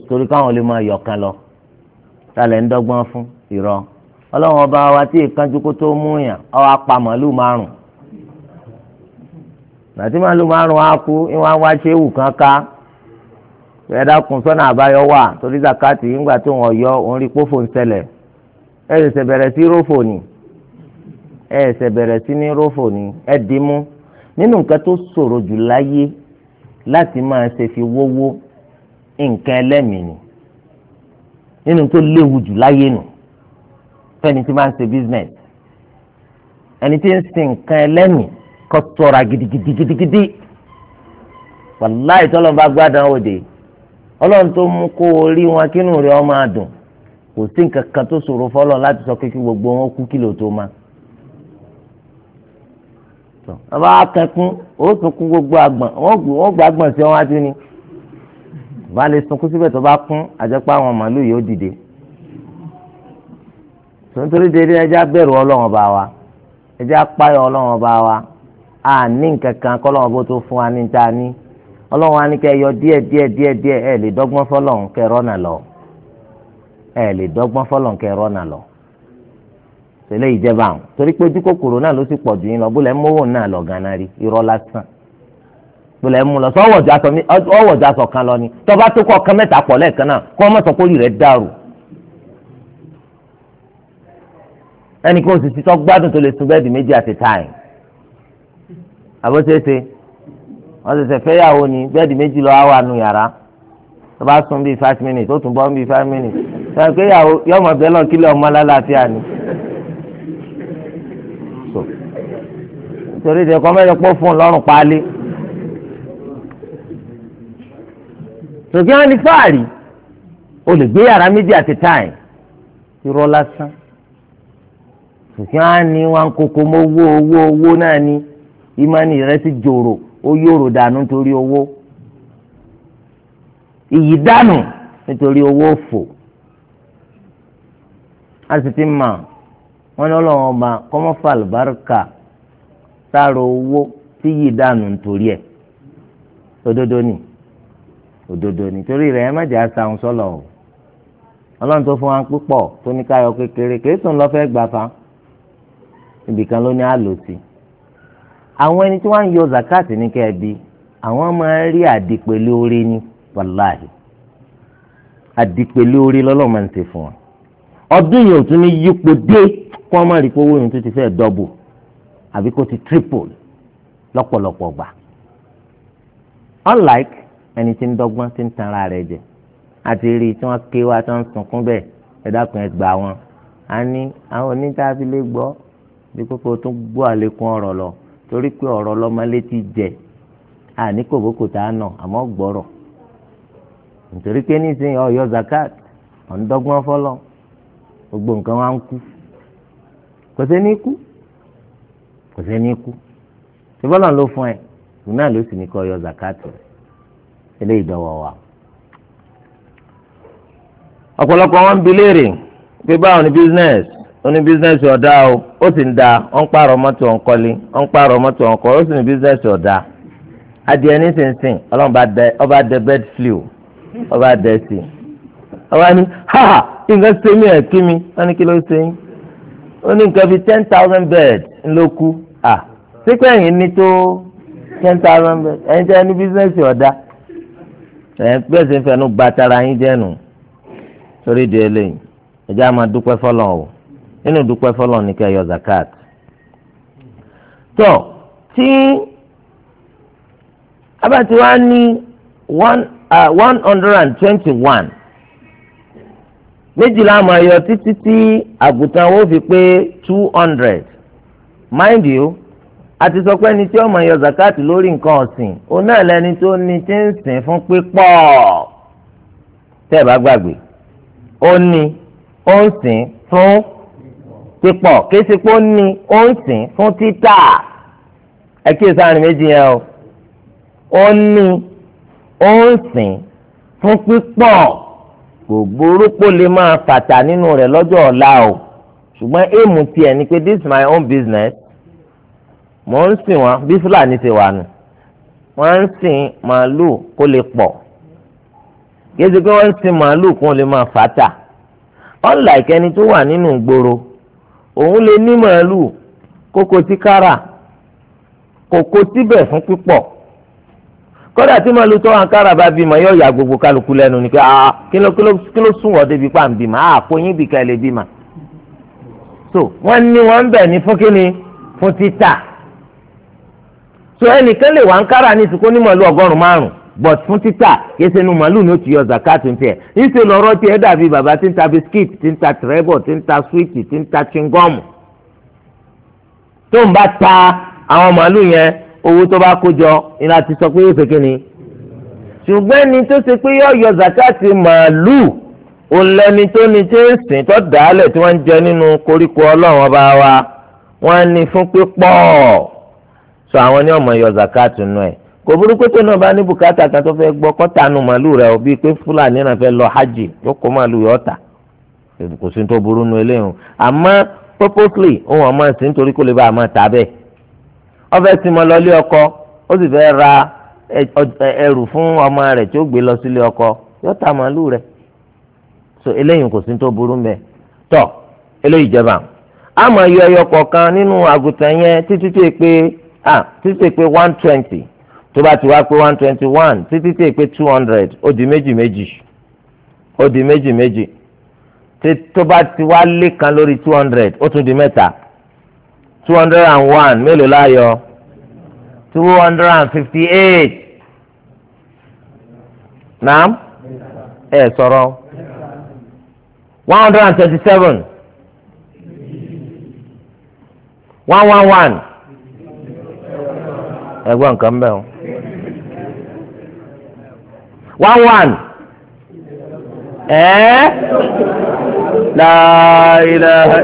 torí káwọn lè máa yọkan lọ ń fún nàti máa ló máa rún akú ìwọ̀n àwọn aṣẹ́wù kan ká ẹ dákun sọ́nà àbáyọ wà torí zakati ńgbà tó wọ́n yọ òun rí pófò ń ṣẹlẹ̀ ẹ ṣẹ̀ṣẹ̀ bẹ̀rẹ̀ sí rófò ni ẹ ṣẹ̀ṣẹ̀ bẹ̀rẹ̀ sí ní rófò ni ẹ dì nínú nǹkan tó ṣòro jù láyé láti máa ṣe fi wówó nǹkan ẹlẹ́mìí ni nínú tó léwu jù láyé nù fẹ́ni tí máa ń ṣe business ẹni tí ń sin nǹkan ẹlẹ́mìí kọ́ ṣọ́ra gidigidigidigidi wàláì tọ́lọ́ bá gbádùn òde ọlọ́run tó mú kó o rí wọn kínú rẹ̀ ọmọ àdùn kò sí nǹkan kan tó ṣòro fọlọ́ láti sọ pé kí gbogbo wọn kú kìlò tó máa tán àbá akẹ́kún ó sunkún gbogbo àgbọ̀n wọ́n gba àgbọ̀n sí wọn adúní bá lè sunkún síbẹ̀ tó bá kún àjẹpá àwọn màálù yóò dìde tòun torí dédé ẹjẹ́ abẹ́rù ọlọ́run bá wa ẹjẹ́ apáyọ ọlọ́run bá wa a ní nǹkan kan kọ́lọ́wọ́n bó tó fún wa ní ta ní ọlọ́wọ́n á yọ díẹ̀ díẹ̀ díẹ̀ díẹ̀ ẹ̀ lè dọ́gbọ́n fọlọ́n kẹ́ lọ lè dọ́gbọ́n lọ ìjẹba àwọn torí pé ojú kòkòrò náà ló pọ̀ jù yín lọ bólẹ̀ mówó náà lọ gánà rí irọ́ lásán bólẹ̀ mú lọ sọ ọ̀wọ̀dà sọ kan lọ ni tọ́ba tó kọ́ ọ̀kan mẹ́ta pọ̀ lẹ́ẹ̀kan náà kọ́ ọmọ sọ pé rẹ̀ dàrú ẹnì kan ò sì ti gbádùn tó lè bẹ́ẹ̀dì méjì àti táyìn àbótẹ́tẹ́ wọ́n ṣẹ̀ṣẹ̀ fẹ́yàwó ni bẹ́ẹ̀dì méjì lọ́wọ́ wà nù yàrá tó bá sùn bíi five minutes ó tún bọ́ bíi five minutes sọ pé yàwó yọmọ bẹ́ẹ̀ lọ kílẹ̀ ọmọ lálàáfíà ni. nítorí ìdè kọ́ mẹ́rin pọ́ fún un lọ́rùn páálí. tòkí wọn ní fáàrí o lè gbé yàrá méjì àti táì irọ́ lásán tòkí wọn ní wọn kókó mọ́ owó owó owó náà ni. Imani rẹ sì jòrò o yòrò dànù nítorí owó ìyí dànù nítorí owó òfò a sì ti mà wọn ní ọlọ́run ọba kọ́mọ́fà àlùbáríkà sáàrò owó tí yìí dànù nítorí ẹ̀ òdodo ni òdodo ni torí rẹ̀ ẹ má jẹ́ àṣàhùn sọ́lọ̀ o ọlọ́run tó fún wa púpọ̀ tó ní káyọ̀ kékeré kìí sùn lọ́fẹ́ gbàfa ibìkan ló ní àlòsí àwọn ẹni tí wọ́n ń yọ zakat ní kẹ́ẹ̀bi àwọn máa ń rí àdìpẹ̀lẹ̀ orí ní wàláhì àdìpẹ̀lẹ̀ orí lọ́lọ́run máa ń ṣe fún wọn ọdún yìí ò tún ní yípo dé kí wọ́n rí pé yìí tó ti fẹ́ dọ́bù àbí kó ti triple lọ́pọ̀lọpọ̀ gbà unlike ẹni tí ń dọ́gbọ́n tí ń tanra rẹ̀ jẹ àti rí tí wọ́n ké wá tí wọ́n sunkún bẹ́ẹ̀ ẹ dákun ẹ wọn a ní àwọn oníta lè gbọ́ bí kókó tún gbọ́ àlékún ọ̀rọ̀ lọ torí pé ọ̀rọ̀ lọ́mọ létí jẹ àní kòbókò tá a nà àmọ́ gbọ́rọ̀ nítorí pé nísìnyí ọ̀yọ́ zakat ọ̀ndọ́gbọ́n fọlọ́ gbogbo nǹkan wa ń kú kò sí ní kú kò sí ní kú ṣùgbọ́n ló fún ẹ ìlú náà ló sì ní kọ́ yọ zakat rẹ̀ eléyìí dọ̀wọ́ wa. ọ̀pọ̀lọpọ̀ wọn ń bi léèrè pé báwo ni business ó ní bísíǹsì ọ̀dà o ó sì ń da ó ń pààrọ̀ mọ́tò ọ̀nkọ́lé ó ń pààrọ̀ mọ́tò ọ̀nkọ́ ó sì ní bísíǹsì ọ̀dà adìẹ nísinsìn ọlọ́run ọba dẹ bird flu ọba dẹ sí ọba ní ha nǹkan ṣe mí ẹ̀ kí mi wọ́n ní kí ló ṣe yín ó ní nǹkan bíi ten thousand bird ló kú à sípẹ́ ẹ̀yìn ní tó ten thousand bird ẹ̀yin tẹ́ ní bísíǹsì ọ̀dà ẹ̀ bẹ́ẹ̀ sì ń fẹnu gba tara yín jẹ́nu torí di eléyìí ẹ̀jẹ̀ á máa dúpẹ́ fọlọ́ọ̀ o nínú dúpẹ́ fọlọ́ ní kẹ́ yọ zakat tó tí abáti wa ní uh, one hundred and twenty one méjìlá àmọ́ ẹ̀yọ títí tí àgùntàn wo fi pé two hundred mind you àti sọ pé ẹni tí ọmọ ẹ̀yọ zakat lórí nǹkan ọ̀sìn òun náà lẹni tó ní tí ń sìn fún pípọ̀ tẹ́ ẹ bá gbàgbé ó ní ó ń sìn fún pípọ̀ kéésì pé ó ní ó ń sìn fún títà ẹ kí èso àrùn méjì yẹn o ó ní ó ń sìn fún pípọ̀ kò burúkú lè máa fàtà nínú rẹ̀ lọ́jọ́ ọ̀la o ṣùgbọ́n èèmù tiẹ̀ ni pé this is my own business mò ń sìn wọn bí fúlàní ti wà nù wọ́n ń sìn màálù kó lè pọ̀ kéésì pé wọ́n ń sìn màálù kó lè máa fàtà unlike ẹni tó wà nínú ìgboro òun lè ní màálù kókó tí kára kókó tíbẹ̀ fún pípọ̀ kódà tí màálù tó hàn kára bá bímọ yóò yà gbogbo kálukú lẹ́nu ni pé ah, ah kí ló kí ló sùn wọ́n débi pa bímọ ah fóyín bìkà lè bímọ so wọ́n ní wọ́n ń bẹ̀ ní fún kíni fún títà so ẹnìkan lè wà ń kára ní ìsìnkú ní màálù ọgọ́rùn-ún márùn-ún but fún títà kése nu màálù ni ó ti yọ zakatu tiẹ̀ níṣẹ́ lọ́rọ́ tiẹ̀ dàbí bàbá tí ń ta biskit tí ń ta tẹ̀rẹ́bọ̀ tí ń ta swíìtì tí ń ta chingọ́ọ̀mù tó ń bá ta àwọn màálù yẹn owó tó bá kó jọ ni láti sọ pé yóò ṣe kí ni ṣùgbọ́n ẹni tó ṣe pé yọ yọ zakatu màálù olẹ́ni tó ní tí ń sìn tó dàálẹ̀ tí wọ́n ń jẹ nínú koríko ọlọ́run ọba wa wọ́n ní fún pípọ̀ sọ àwọn ní ọmọ yọ zakatu nù ẹ̀ kò burúkú tó náà bá ní bùkátà kan tó fẹ́ gbọ́ nu màálù rẹ o bíi pé fúlàní náà fẹ́ lọ hajj kó eléyìí àmọ́ purposely òun àmọ́ sí nítorí kó lè bá tà bẹ́ẹ̀ lọ lé ọkọ ó sì fẹ́ ra ẹrù fún ọmọ tí ó ọkọ so eléyìí kò sí tọ eléyìí jẹba àmọ́ ẹyọ kọ̀ọ̀kan nínú àgùntàn yẹn títí tó one twenty tó bá ti wá pé one twenty one títí tí èpè two hundred ó di méjì méjì ó di méjì méjì tó bá ti wá lé kan lórí two hundred ó tún di mẹ́ta two hundred and one mélòó láyọ two hundred and fifty eight naam ẹ sọ̀rọ̀ one hundred and twenty seven one one one ẹ̀gbọ́n nǹkan bẹ́ẹ̀ o. one one ẹ̀ẹ́ eh? la ilaha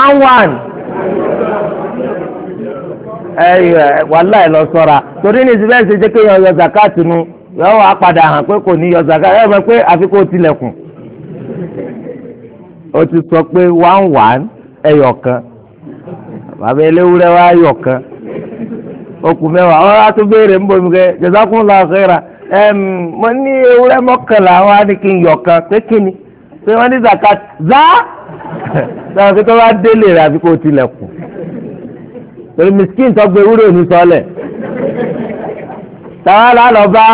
one one ẹ̀yẹ wàhálà ẹ̀ lọ sọ́ra torí ní ìsìlẹ̀ ṣe jẹ́ kéèyàn yọ zakati nu yọ wá padà hàn pé kò ní yọ zakati ẹ̀ mọ̀ pé àfikún tilẹ̀kùn ó ti sọ pé one one kan bàbá wa yọ̀ kan. okù mẹ́wàá wọn á tún béèrè ń bomi kẹ jazakumullahu khaira mo ní ewúrẹ́ mọ́kànlá wọn á ní kí n yọ̀ kan pé kí ni pé wọ́n ní zakat zá sọ̀rọ̀ pé tó bá délé rẹ̀ àfi kó tilẹ̀kùn torí miskin tó gbé ewúrẹ́ òní sọ́lẹ̀ tàwa lálọ́ bá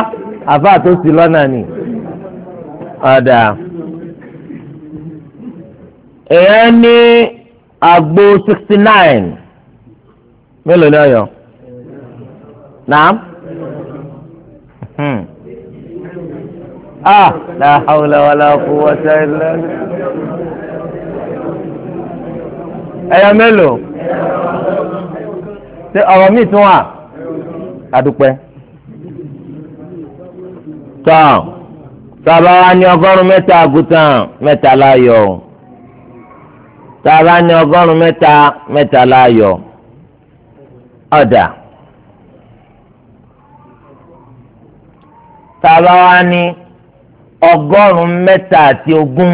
àfa tó sí lọ́nà ni ọ̀dà èèyàn ní àgbo sixty nine mélòó ni ọ̀yọ́. نعم. آه لا حول ولا قوة إلا ẹyọ mélòó ṣe ọ̀rọ̀ míì tún wà adúpẹ́ tán tàbá wa ní ọgọ́rùn mẹ́ta àgùtàn mẹ́ta láyọ̀ tàbá ní ọgọ́rùn mẹ́ta mẹ́ta láyọ̀ ọ̀dà. tàbá wa ní ọgọ́rùn-ún mẹ́ta àti ogún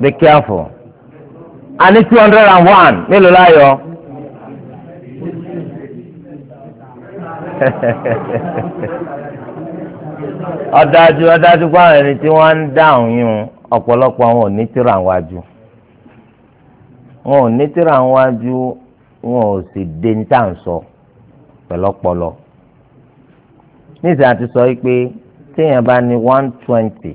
be careful. a ní two hundred and one mélòó láyọ̀. ọ̀dájú ọ̀dájú báwọn ẹni tí wọ́n ń dáhùn yín ọ̀pọ̀lọpọ̀ ò ní wọn ò sì dé ní tà ń sọ pẹ̀lọ́pọlọ níṣẹ́ àti sọ pé téèyàn bá ní one twenty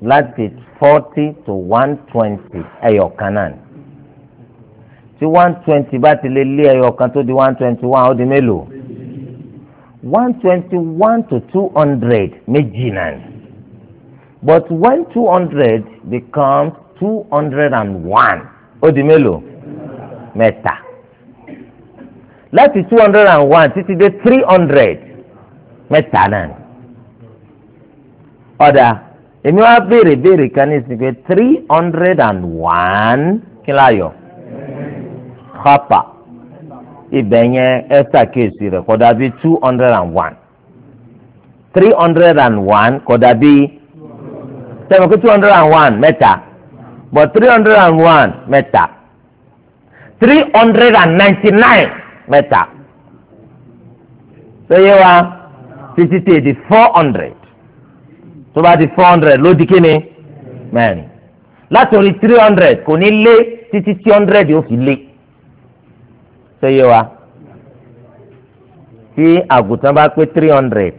láti forty to one twenty ẹyọ kan náà ni tí one twenty bá ti lè lé ẹyọ kan tó di one twenty one ó di mélòó one twenty one to two hundred méjì náà ni but when two hundred becomes two hundred and one ó di mélòó mẹ́ta láti two hundred and one títí dé three hundred mẹ́ta náà ni ọ̀dà èmi wá béèrè béèrè kan ní ìsìn pé three hundred and one kí láyọ̀ kápá ibẹ̀ yẹn ẹ́fà kéèsì rẹ̀ kọ́dà bíi two hundred and one three hundred and one kọ́dà bíi sẹ́mi pé two hundred and one mẹ́ta but three hundred and one mẹ́ta three hundred and ninety nine mẹ́ta sọyẹ wa títí tè di four hundred tó bá di four hundred ló di kíni mẹ́rin látòrí three hundred kò ní lé títí tí hundred yóò fi lé sọyẹ wa tí àgùntàn bá pé three hundred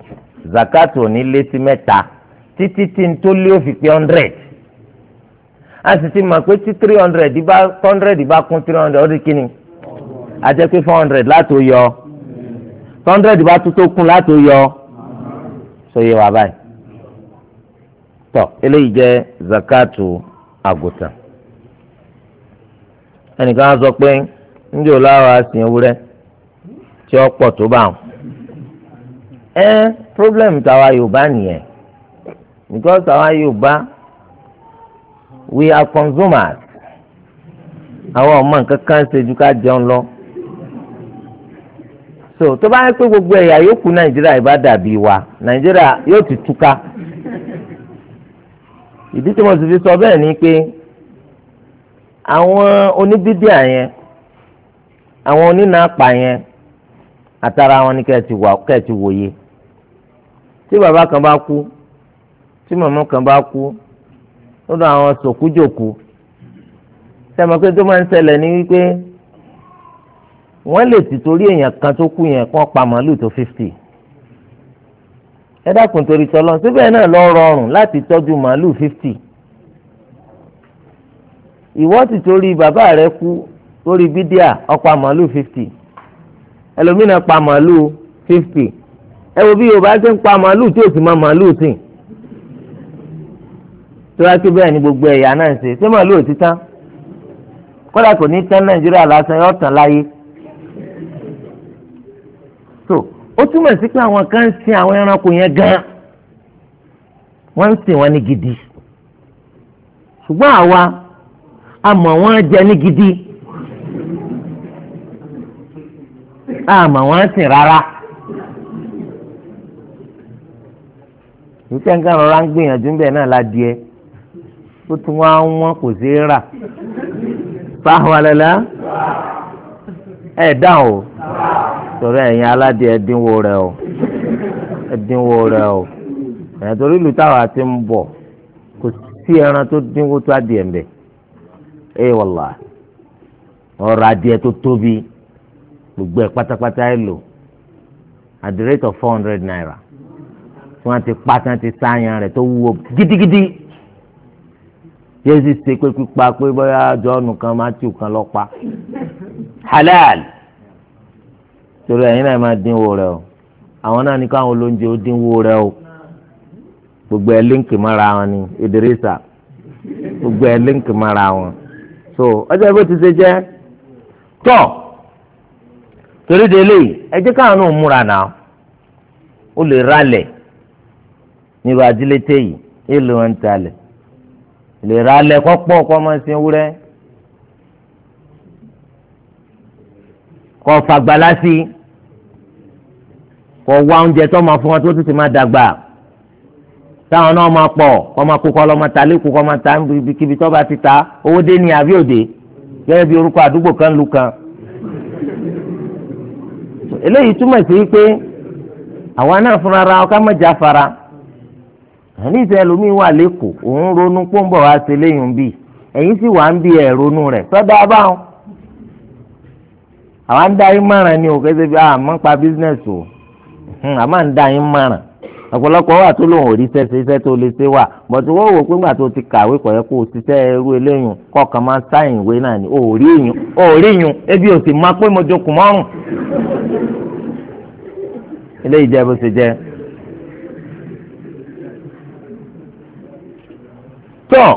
zakato ní lé sí mẹ́ta títí tí n tó lé ó fi pé hundred a sì ti mọ̀ pé tí three hundred bá hundred bá kún three hundred ó di kíni àti pé four hundred látò yọ four hundred bá tó tó kún látò yọ sóye wà báyìí tọ eléyìí jẹ zakatu àgùtàn ẹnìkan á sọ pé njẹ́ oláwa sin ewúrẹ́ tí ó pọ̀ tó bá wọn ẹ problem tàwa Yorùbá nìyẹn because tàwa Yorùbá we are consumers àwọn ọmọ nǹkan kan ṣe ju ká jẹun lọ so tó bá yẹ pé gbogbo ẹ̀yà yòókù nàìjíríà ìbá dàbí wa nàìjíríà yóò ti túká ìdí tí mo sì fi sọ bẹ́ẹ̀ ni pé àwọn oníbídíà yẹn àwọn onínàpà yẹn àtàrà wọn ni kẹ́ẹ̀ ti wòye tí bàbá kan bá kú tí màmá kan bá kú lọ́dọ̀ àwọn sòkújòkú sẹ́mi pé tó máa ń ṣẹlẹ̀ ní wípé wọ́n lè ti torí èèyàn kan tó kú yẹn kó pa màálù tó fifty ẹ dákun torí tọ́lọ́ síbẹ̀ náà lọ rọrùn láti tọ́jú màálù fifty ìwọ ti torí bàbá rẹ kú lórí bídíà ó màálù fifty ẹlòmínà pa màálù fifty ẹ wo bí yorùbá ṣe ń pa màálù tí ò sì mọ màálù sìn tó bẹ́ẹ̀ ni gbogbo ẹ̀yà náà ń ṣe ṣé màálù ò ti tán kódà kò ní tán nàìjíríà lásán yóò láyé. Otu túmọ̀ sí pé àwọn kan ń sin àwọn ẹranko yẹn gan wọ́n ń sin wọn ní gidi ṣùgbọ́n àwa a mọ̀ wọ́n jẹ ní gidi a mọ̀ wọ́n sìn rárá. ìfẹ́ nǹkan rọra ń gbìyànjú bẹ́ẹ̀ náà la díẹ̀ ó tún wá ń wọ́n kò sí rà fáwọn alẹ́ la ẹ̀ dáhùn torí ẹ̀yin aládìẹ ẹ̀dínwó rẹ̀ o ẹ̀dínwó rẹ̀ o ẹ̀yìn torí ìlú táwa ti ń bọ̀ kò sí ẹran tó dínwó tó adìẹ ń bẹ̀ ẹ̀ wọ̀là ọ̀rọ̀ adìẹ tó tóbi gbogbo ẹ̀ pátápátá ẹ̀ lò at the rate of four hundred naira tí wọ́n ti pátá ti sáyàn rẹ̀ tó wúwo gidigidi yéésì ṣe pé pípa pé bóyá jọ́ọ̀nù kan matthew kan lọ́pa halal torí ẹ̀yin náà máa dínwó rẹ o àwọn náà ní káwọn olóúnjẹ ó dínwó rẹ o gbogbo ẹ̀ líǹkì mọ́ra wọn ni Ìdírísà gbogbo ẹ̀ líǹkì mọ́ra wọn so ọjọ́ bó ti ṣe jẹ́ tọ́ torí délé ẹ jẹ́ káwọn náà múra náà ó lè rálẹ̀ nírú adílété yìí èlò wọn ta lẹ̀ lè rálẹ̀ kọ́pọ̀ kọ́ máa sin wúrẹ́ sí i kọ wá oúnjẹ tó máa fún wọn tó tètè máa dàgbà táwọn náà máa pọ̀ kọ́ máa kó kọ́ lọ́mọ ta lẹ́kọ̀ọ́ kọ́ máa ta níbikíbi tó bá ti ta owó dé ní àbí òde gẹ́gẹ́ bí orúkọ àdúgbò kan lu kan. eléyìí túmọ̀ sí pé àwa náà fúnra ra ọkà mọ̀já fara àní ìṣẹ́ ẹlòmíín wà lẹ́kọ̀ọ́ òun ronú pọ́ńbọ̀ wá sí lẹ́yìn bí ẹ̀yìn sì wà ń bí ẹ̀ ronú rẹ̀ sọ́dọ̀ abáwọn àwa ń darí márùn-ún ni òkè ṣe fi àmọ́ pa o. Hmm, a máa ń da yín mara ọ̀pọ̀lọpọ̀ wà tó lòun ò rí sẹ́sẹ́ iṣẹ́ tó lè ṣe wà bọ̀tú wọ́n wò pé tó ti kàwé kọ̀yẹ́ kó o ṣiṣẹ́ irú eléyìn kọ̀ọ̀kan máa sáyìn ìwé náà ni ò rí yun ò rí yun ebi ò sì máa pé mo jokùn mọ́rùn. eléyìí jẹ́ bó ṣe jẹ́. tọ́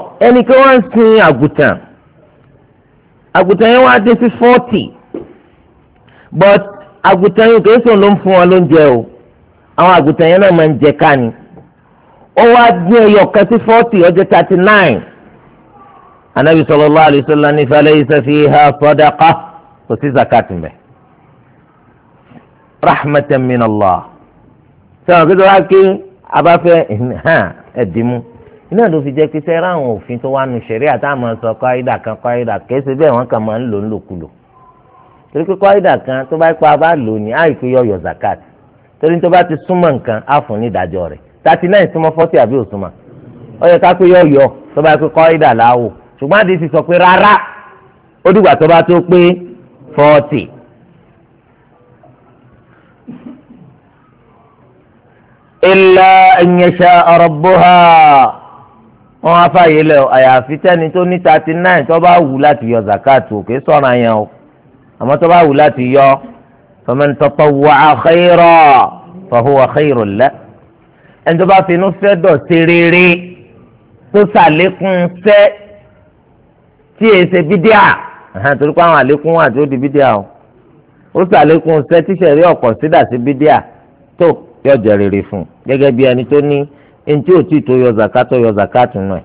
sin yẹn àgùntàn yìí kìí sùn ló ń fún wọn lóúnjẹ o àwọn àgùntàn yẹn náà máa ń jẹ ká ni ó wá dín ẹyọ kan sí fọ́ọ̀tì ọjọ́ thirty nine anabi sallallahu alaihi wasallam ní falaysa fiha sadaqa kò sí zakati mẹ rahmatan min Allah sọ̀rọ̀ kí sọ́wọ́ kí abáfẹ́ ẹ̀dínmú iná ló fi jẹ́ pé sẹ́ra àwọn òfin tó wà nù sẹ̀rí àtàwọn sọ ayédà kan kọ́ ayédà kẹ́sì bẹ́ẹ̀ wọ́n kàn máa ń lò ń lòkulò torí pé kọ́ídà kan tó bá pa bá lò ní àìkú yọ̀yọ̀ zakat torí tó bá ti súnmọ́ nǹkan á fún ní ìdájọ́ rẹ̀ thirty nine súnmọ́ forty àbí òsúnmọ́ ó yẹ ká pé yọ̀yọ̀ tó bá pé kọ́ídà láwò ṣùgbọ́n àti ti sọ pé rárá ó dìgbà tó bá tó pé forty. ilà ẹ̀yẹ̀ṣà ọ̀rọ̀bùhà wọn á fààyè lẹ̀ àyàfi tẹ́ni tó ní thirty nine tó bá wù láti yọ zakat òkè sọ̀rọ̀ àyàn o àmọ́ tó bá wù láti yọ faman tatawwa'a khayran fahuwa khayrun lahu ẹni tó bá finú fẹ́ dọ̀tí rere tó sàlékún fẹ́ tí èyí ṣe bídíà torí pé àwọn àlékún wà tí ó di bídíà o ó sàlékún fẹ́ tí sẹ̀rí ọ̀pọ̀ sídà sí bídíà tó yọjọ rere fún gẹ́gẹ́ bí ẹni tó ní ẹni tí ò tí tó yọ zakato yọ zakato nù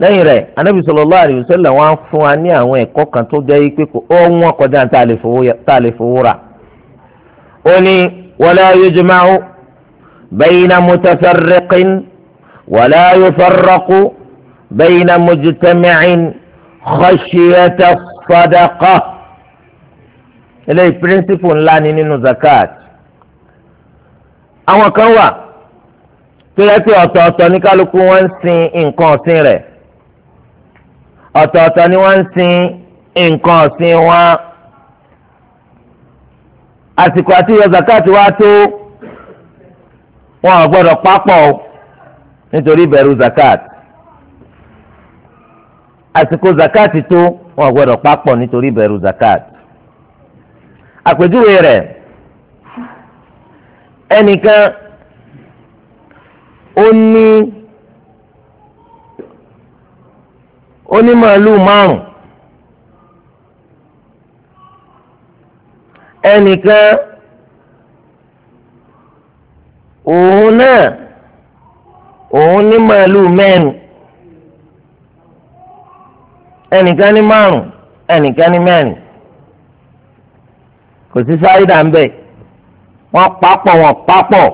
lẹ́yìn rẹ̀ anabi sallallahu alaihi wasallam wọ́n á fún wa ní àwọn ẹ̀kọ́ kan tó jẹ́ pé ọ̀hún ọkọjá tá a lè fowó rà ó ní wala yujma'u bayna mutafarriqin wala yufarraqu bayna mujtami'in khashiyata sadaqah eléyìí píríncípù ńlá ni nínú zakat àwọn kan wà tó yẹ pé ọ̀tọ̀ọ̀tọ̀ ní kálukú wọn ń sin nǹkan ọ̀sìn rẹ̀ ọ̀tọ̀ọ̀tọ̀ ni wọ́n ń sin nǹkan ọ̀sìn wọn àsìkò àti yọ zakati wa tó wọn ò gbọ́dọ̀ papọ̀ nítorí bẹ̀rù zakati àsìkò zakati tó wọn ò gbọ́dọ̀ papọ̀ nítorí bẹ̀rù zakati àpèjúwe rẹ̀ ẹnìkan ó ní. ó ní màálù márùn ẹnìkan òun náà òun ní màálù mẹ́rin ẹnìkan ní márùn ẹnìkan ní mẹ́rin kò sí sáyidà ń bẹ wọ́n papọ̀ wọ́n papọ̀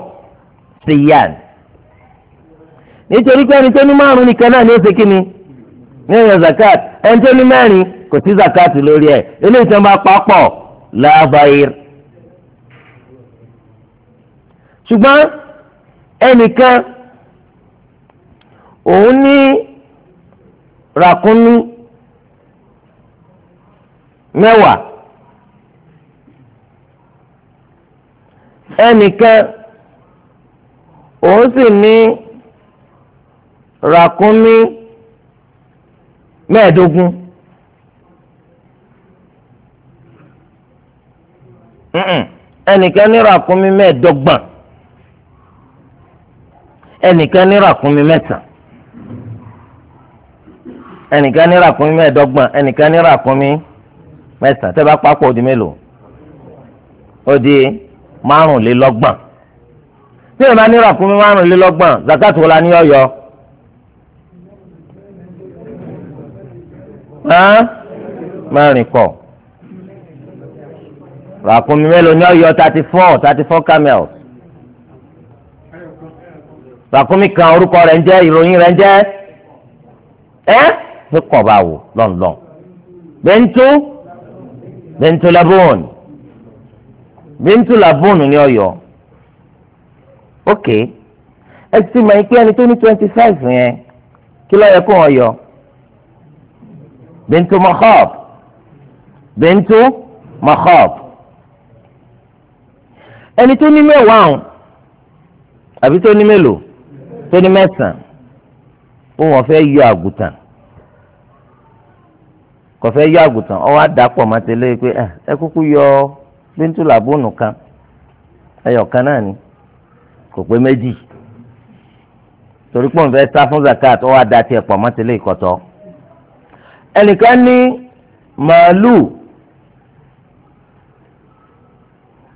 sí yàn nítorí pé ẹni tó ní márùn nìkan náà ni ó ṣe kí ni ní èèyàn zakat ẹni tó ní mẹ́rin kò sí zakat lórí ẹ̀ eléyìí tó ń bá papọ̀ láàbáyìr. ṣùgbọ́n ẹnìkan òun ní ràkúnmí mẹ́wàá ẹnìkan òun sì ní ràkúnmí mẹ́ẹ̀ẹ́dógún ẹnìkan ní ràkúnmí mẹ́ẹ̀ẹ́dọ́gbọ̀n ẹnìkan ní ràkúnmí mẹ́sàn ẹnìkan ní ràkúnmí mẹ́ẹ̀ẹ́dọ́gbọ̀n ẹnìkan ní ràkúnmí mẹ́sàn tẹ́ bá papọ̀ ó di mélòó ó di márùnlélọ́gbọ̀n tí ìrìnà ní ràkúnmí márùnlélọ́gbọ̀n zakatu la ní ọ̀yọ́. má rìn pọ̀ ràkúnmí mélòó ni ọyọ thirty four thirty four camels ràkúnmí kan orúkọ rẹ̀ ń jẹ́ ìròyìn rẹ̀ ń jẹ́ ẹ́ ṣé kọ̀ bá wò lọ́nlọ́n bẹ́ńtú bẹ́ńtú labóòn bẹ́ńtú labóòn ni ọyọ ok ẹ ti mọ̀ ẹ́ pé ẹni tó ní twenty five yẹn kí ló yẹ kó wọ́n yọ. بنت مخاض بنت مخاض ẹni tó ní mẹ́wàá ọ̀hún àbí tó ní mélòó tó ní mẹ́sàn-án ó wọ́n fẹ́ yọ àgùntàn kò fẹ́ yọ àgùntàn ó wá dàpọ̀ mọ́tẹ́lẹ́ pé eh, ẹ kúkú yọ bíntu làbónú kan ẹyọ kan náà ni kò pé méjì torí pé òun fẹ́ sá fún zakat ó wá dà tiẹ̀ pọ̀ mọ́tẹ́lẹ́ ìkọ̀tọ̀ ẹnìkan ní màálù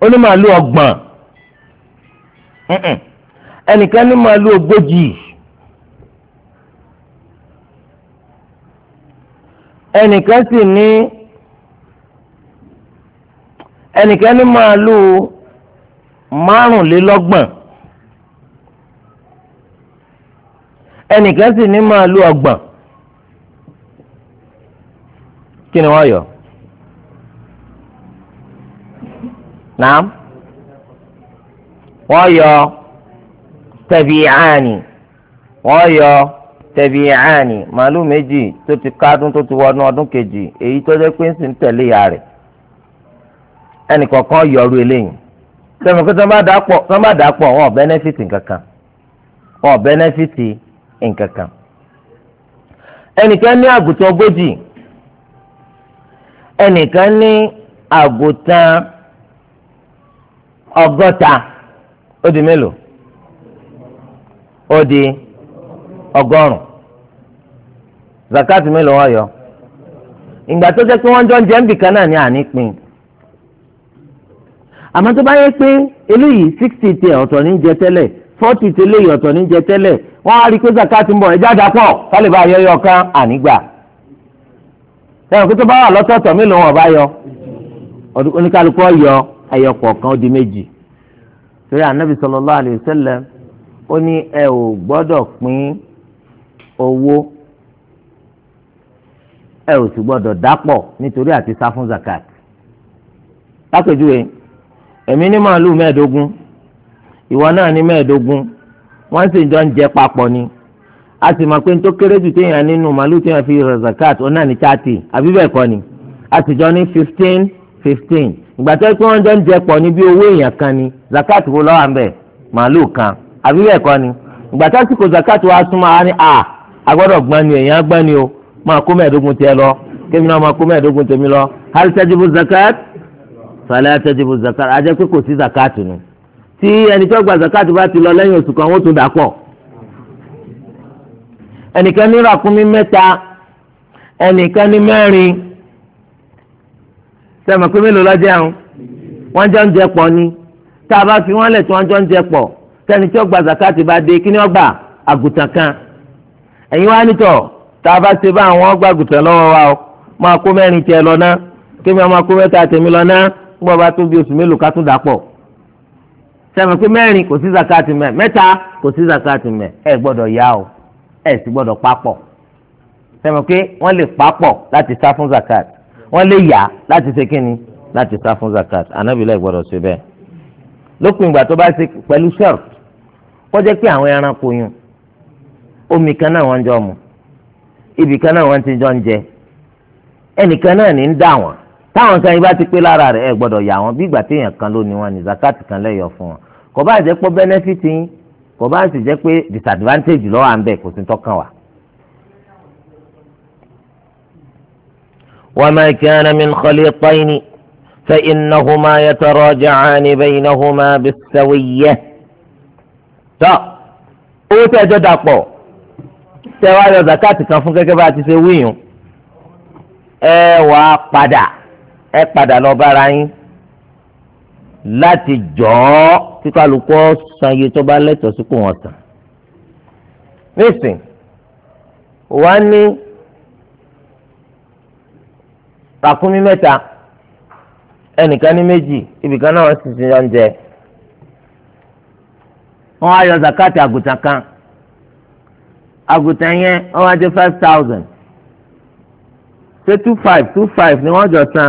ó ní màálù ọgbọ̀n ẹnìkan ní màálù ogójì ẹnìkan sì ní ẹnìkan ní màálù márùnlélọ́gbọ̀n ẹnìkan sì ní màálù ọgbọ̀n. Kini wọ́n yọ naam wọ́n yọ tẹ̀bíyàánì wọ́n yọ méjì tó ti kádùn tó ti wọnú ọdún kejì èyí tó jẹ́ pé ń sì ń tẹ̀lé ya rẹ̀ ẹnìkọ̀ọ̀kan yọrù eléyìí sọ̀rọ̀ pé tọ́ bá dà pọ̀ wọn bẹ́nẹ́fìtì bẹ́nẹ́fìtì ní àgùtàn ogójì ẹnìkan ní àgùntàn ọgọ́ta ó di mélòó ó di ọgọ́rùn zakati mélòó wọ́n yọ ìgbà tó jẹ́ pé wọ́n jọ ń jẹ́ náà ní ànípin àmọ́ tó bá yẹ pé eléyìí sixty tẹ ọ̀tọ̀ ní jẹ tẹ́lẹ̀ forty tẹ ọ̀tọ̀ ní jẹ tẹ́lẹ̀ wọ́n á sẹ́wọ̀n kí tó bá wà lọ́tọ̀ọ̀tọ̀ mélòó wọn bá yọ oníkálukú ọ̀yọ́ ẹyọ kọ̀ọ̀kan ó di méjì torí ànábì sallallahu alayhi wa sallam ó ní ẹ ò gbọ́dọ̀ pín owó ẹ ò sì gbọ́dọ̀ dápọ̀ nítorí àti sá fún zakat lápèjúwe èmi ní màálù mẹ́ẹ̀ẹ́dógún ìwọ náà ní mẹ́ẹ̀ẹ́dógún wọ́n sì jọ ń jẹ papọ̀ ni a sì mọ̀ pé tó kéré jù téèyàn nínú màálù téèyàn fi yọ zakat ó náà ní thirty àbí bẹ́ẹ̀ kọ́ ni a sì jọ ní fifteen fifteen ìgbà tó pé wọ́n jọ ń jẹ pọ̀ ní bí owó èèyàn kan ni zakat wo lọ́wọ́ àmbẹ̀ màálù kan àbí bẹ́ẹ̀ kọ́ ni ìgbà tó sì zakat wa súnmọ́ a ní a agbọ́dọ̀ gbọ́n èèyàn gbọ́n o máa kó mẹ́ẹ̀ẹ́dógún tiẹ̀ lọ kémi náà máa kó mẹ́ẹ̀ẹ́dógún tèmi lọ hal zakat fala tajibu zakat ajẹ́ zakat nu tí ẹni tó zakat bá ti lọ lẹ́yìn oṣù ẹnìkan ní ràkúnmí mẹ́ta ẹnìkan ní mẹ́rin sẹ́mi pé mélòó lọ́jọ́ ẹ̀hún wọ́n jọ ń jẹ pọ̀ ni tá a bá fi wọ́n lẹ̀ tí wọ́n jọ ń jẹ pọ̀ sẹ́ni tí ó zakati bá dé kí ni ó gbà àgùntàn kan ẹ̀yin wá nítọ̀ tá a bá ṣe bá àwọn gba àgùntàn lọ́wọ́ wa o máa kó mẹ́rin tiẹ̀ lọ ná kí mi máa kó mẹ́ta tèmi lọ ná gbọ́ bá tún bí oṣù mélòó ká tún dà pọ̀ sẹ́mi pé mẹ́rin kò sí zakati mẹ́ mẹ́ta kò sí zakati mẹ́ ẹ gbọ́dọ̀ yá o ẹ̀ sì gbọ́dọ̀ papọ̀ sẹ́mi pé wọ́n lè papọ̀ láti sá fún zakat wọ́n lè yà láti ṣe kínni láti sá fún zakat anábìlẹ̀ gbọ́dọ̀ ṣe bẹ́ẹ̀ lópin ìgbà tó bá ṣe pẹ̀lú sẹ́rù kọjá pé àwọn ẹranko yun omi kan náà wọ́n jọ mu ibì kan náà wọ́n ti jọ ń jẹ ẹnìkan náà ní ń dà wọ́n táwọn kan yìí bá ti pé lára rẹ̀ ẹ gbọ́dọ̀ yà wọ́n bí ìgbà téèyàn kan ló ní wọn ní zakat kan lẹ́yọ̀ fún wọn kò bá jẹ́ pé bẹ́nẹ́fìtì yín kò bá sì jẹ́ pé disadvantage lọ́wọ́ à ń bẹ̀ kò sí tọ́kàn wa. وما كان من خليطين فإنهما يتراجعان بينهما بالسوية tó owó tẹ́ jọ dàpọ̀ tẹ́ wá yọ zakati kan fún gẹ́gẹ́ bá a ti ṣe wíyùn ẹ wàá padà ẹ padà lọ bára yín láti jọ ọ́ kí kálukú san iye tó bá lẹ́tọ̀ọ́ sípò wọn tán. nísìn wàá ní ràkúnmí mẹ́ta ẹnìkan ní méjì ibìkan náà wọ́n sì ti ń jẹ wọ́n á yọ zakati àgùntàn kan àgùntàn yẹn wọ́n á jẹ five thousand ṣé two five two five ni wọ́n jọ san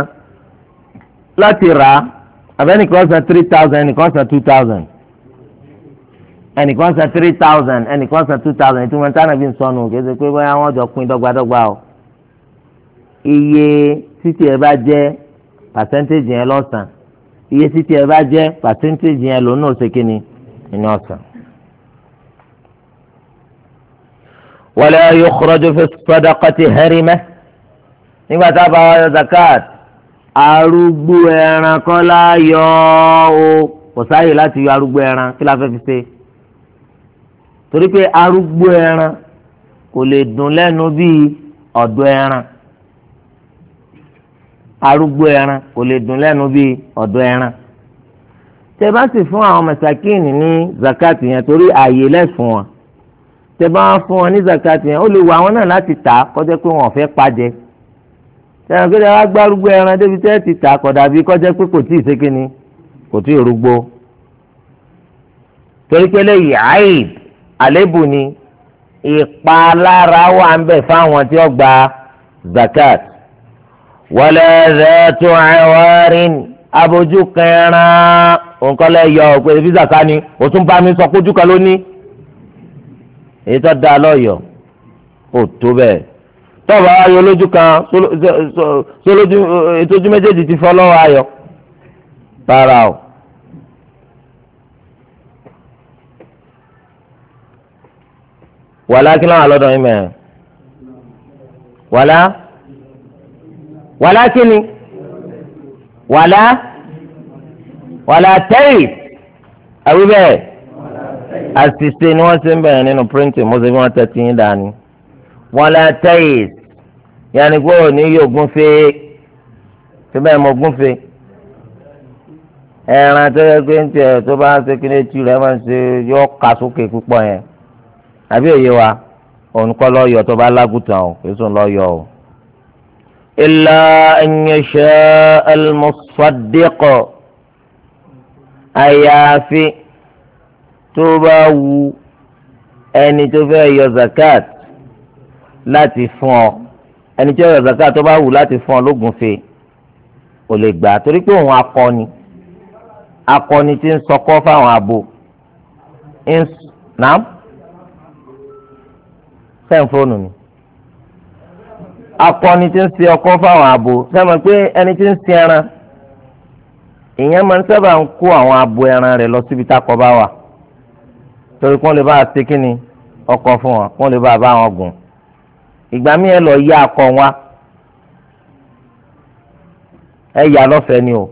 láti rà á abẹ́nìkan san three thousand ẹnìkan san two thousand ẹnìkan san three thousand ẹnìkan san two thousand ìtumọ̀ tánà bí nsọ́nù kì í ṣe pé bóyá wọ́n jọ pín dọ́gbadọ́gba o iye títí ẹ bá jẹ́ pàṣẹ́ntéèjì yẹn lọ́sàn iye títí ẹ bá jẹ́ pàṣẹ́ntéèjì yẹn lónà òṣèkínni ìní ọ̀sán. wala yukhraju fi sadaqati harima nígbà tá a bá wá zakat arúgbó ẹran kan láyọ̀ o kò sáyè láti yọ arúgbó ẹran kí la fẹ́ fi ṣe torí pé arúgbó ẹran kò lè dùn lẹ́nu bíi ọ̀dọ̀ ẹran arúgbó ẹran kò lè dùn lẹ́nu bíi ọ̀dọ̀ ẹran tẹ bá sì fún àwọn mẹsàkíìnì ní zakati yẹn torí ààyè lẹ́sùn wọn tẹ bá fún wọn ní zakati yẹn ó lè wọ àwọn náà láti tà kọjá pé wọn ò fẹ́ pàjẹ́ sẹ́yìn pé wàá gbárùgbó ẹran débi tẹ́ ti tà kọ̀dà bí kọjá pé kò tí ì ṣe kínní kò tí ì rúgbó torí pé lẹ́yìn àìd àlébù ni ìpalára wà ń bẹ fáwọn tí ó gba zakat wọlé rẹ̀ẹ́tù àwárín abojú kẹran nǹkan lẹ́yọ̀ pé ebi zaka ni o tún bá mi sọ kójú kan lónìí èyí tó dáa lọ́yọ̀ọ́ ò tó bẹ́ẹ̀ tọ́ọ̀bù ayọ̀ lójú kan sólójú ètòjú eh, méjèèjì ti fọ́ lọ́wọ́ ayọ̀ rárá o. wàlá kí láwọn àlọ́dọ̀ yín mẹ́rin wàlá wàlá kí ni wàlá wàlá tẹ́yì àwíbẹ̀ àṣìṣe ni wọ́n ti ń bẹ̀rẹ̀ nínú píríǹtì mọ́sẹ̀ bí wọ́n tẹ̀ tí yín dání wọn lẹ tẹyìs yanni pé òní yóò gúnfe síbẹ̀ mo gúnfe ẹran tó yẹ pé ń tiẹ̀ tó bá ṣe kí ní etí rẹ̀ máa ń ṣe yọ ká sókè púpọ̀ yẹn àbí òye wa òun kọ́ lọ́ọ́ tó bá lágùtàn o kì sùn lọ́ọ́ o. إلا أن يشاء المصدق àyàfi tó bá wu ẹni tó fẹ́ yọ zakat láti fún ọ ẹni tí ó yọ zaka tó bá wù láti fún ọ lógun fe ò lè gbà torí pé òun akọni akọni tí ń sọkọ fáwọn abo ń nà sẹ́ǹfóònù ni akọni tí ń se ọkọ fáwọn abo sẹ́mi pé ẹni tí ń se ẹran ìyẹn máa ń sábà ń kó àwọn abo ẹran rẹ̀ lọ síbi tá a kọ bá wà torí kí wọ́n lè bá a ṣe kí ni ọkọ fún wọn kí wọ́n lè bá a bá wọn gùn ìgbà míì ẹ lọ yá akọ wa ẹ yà lọ́fẹ̀ẹ́ ni o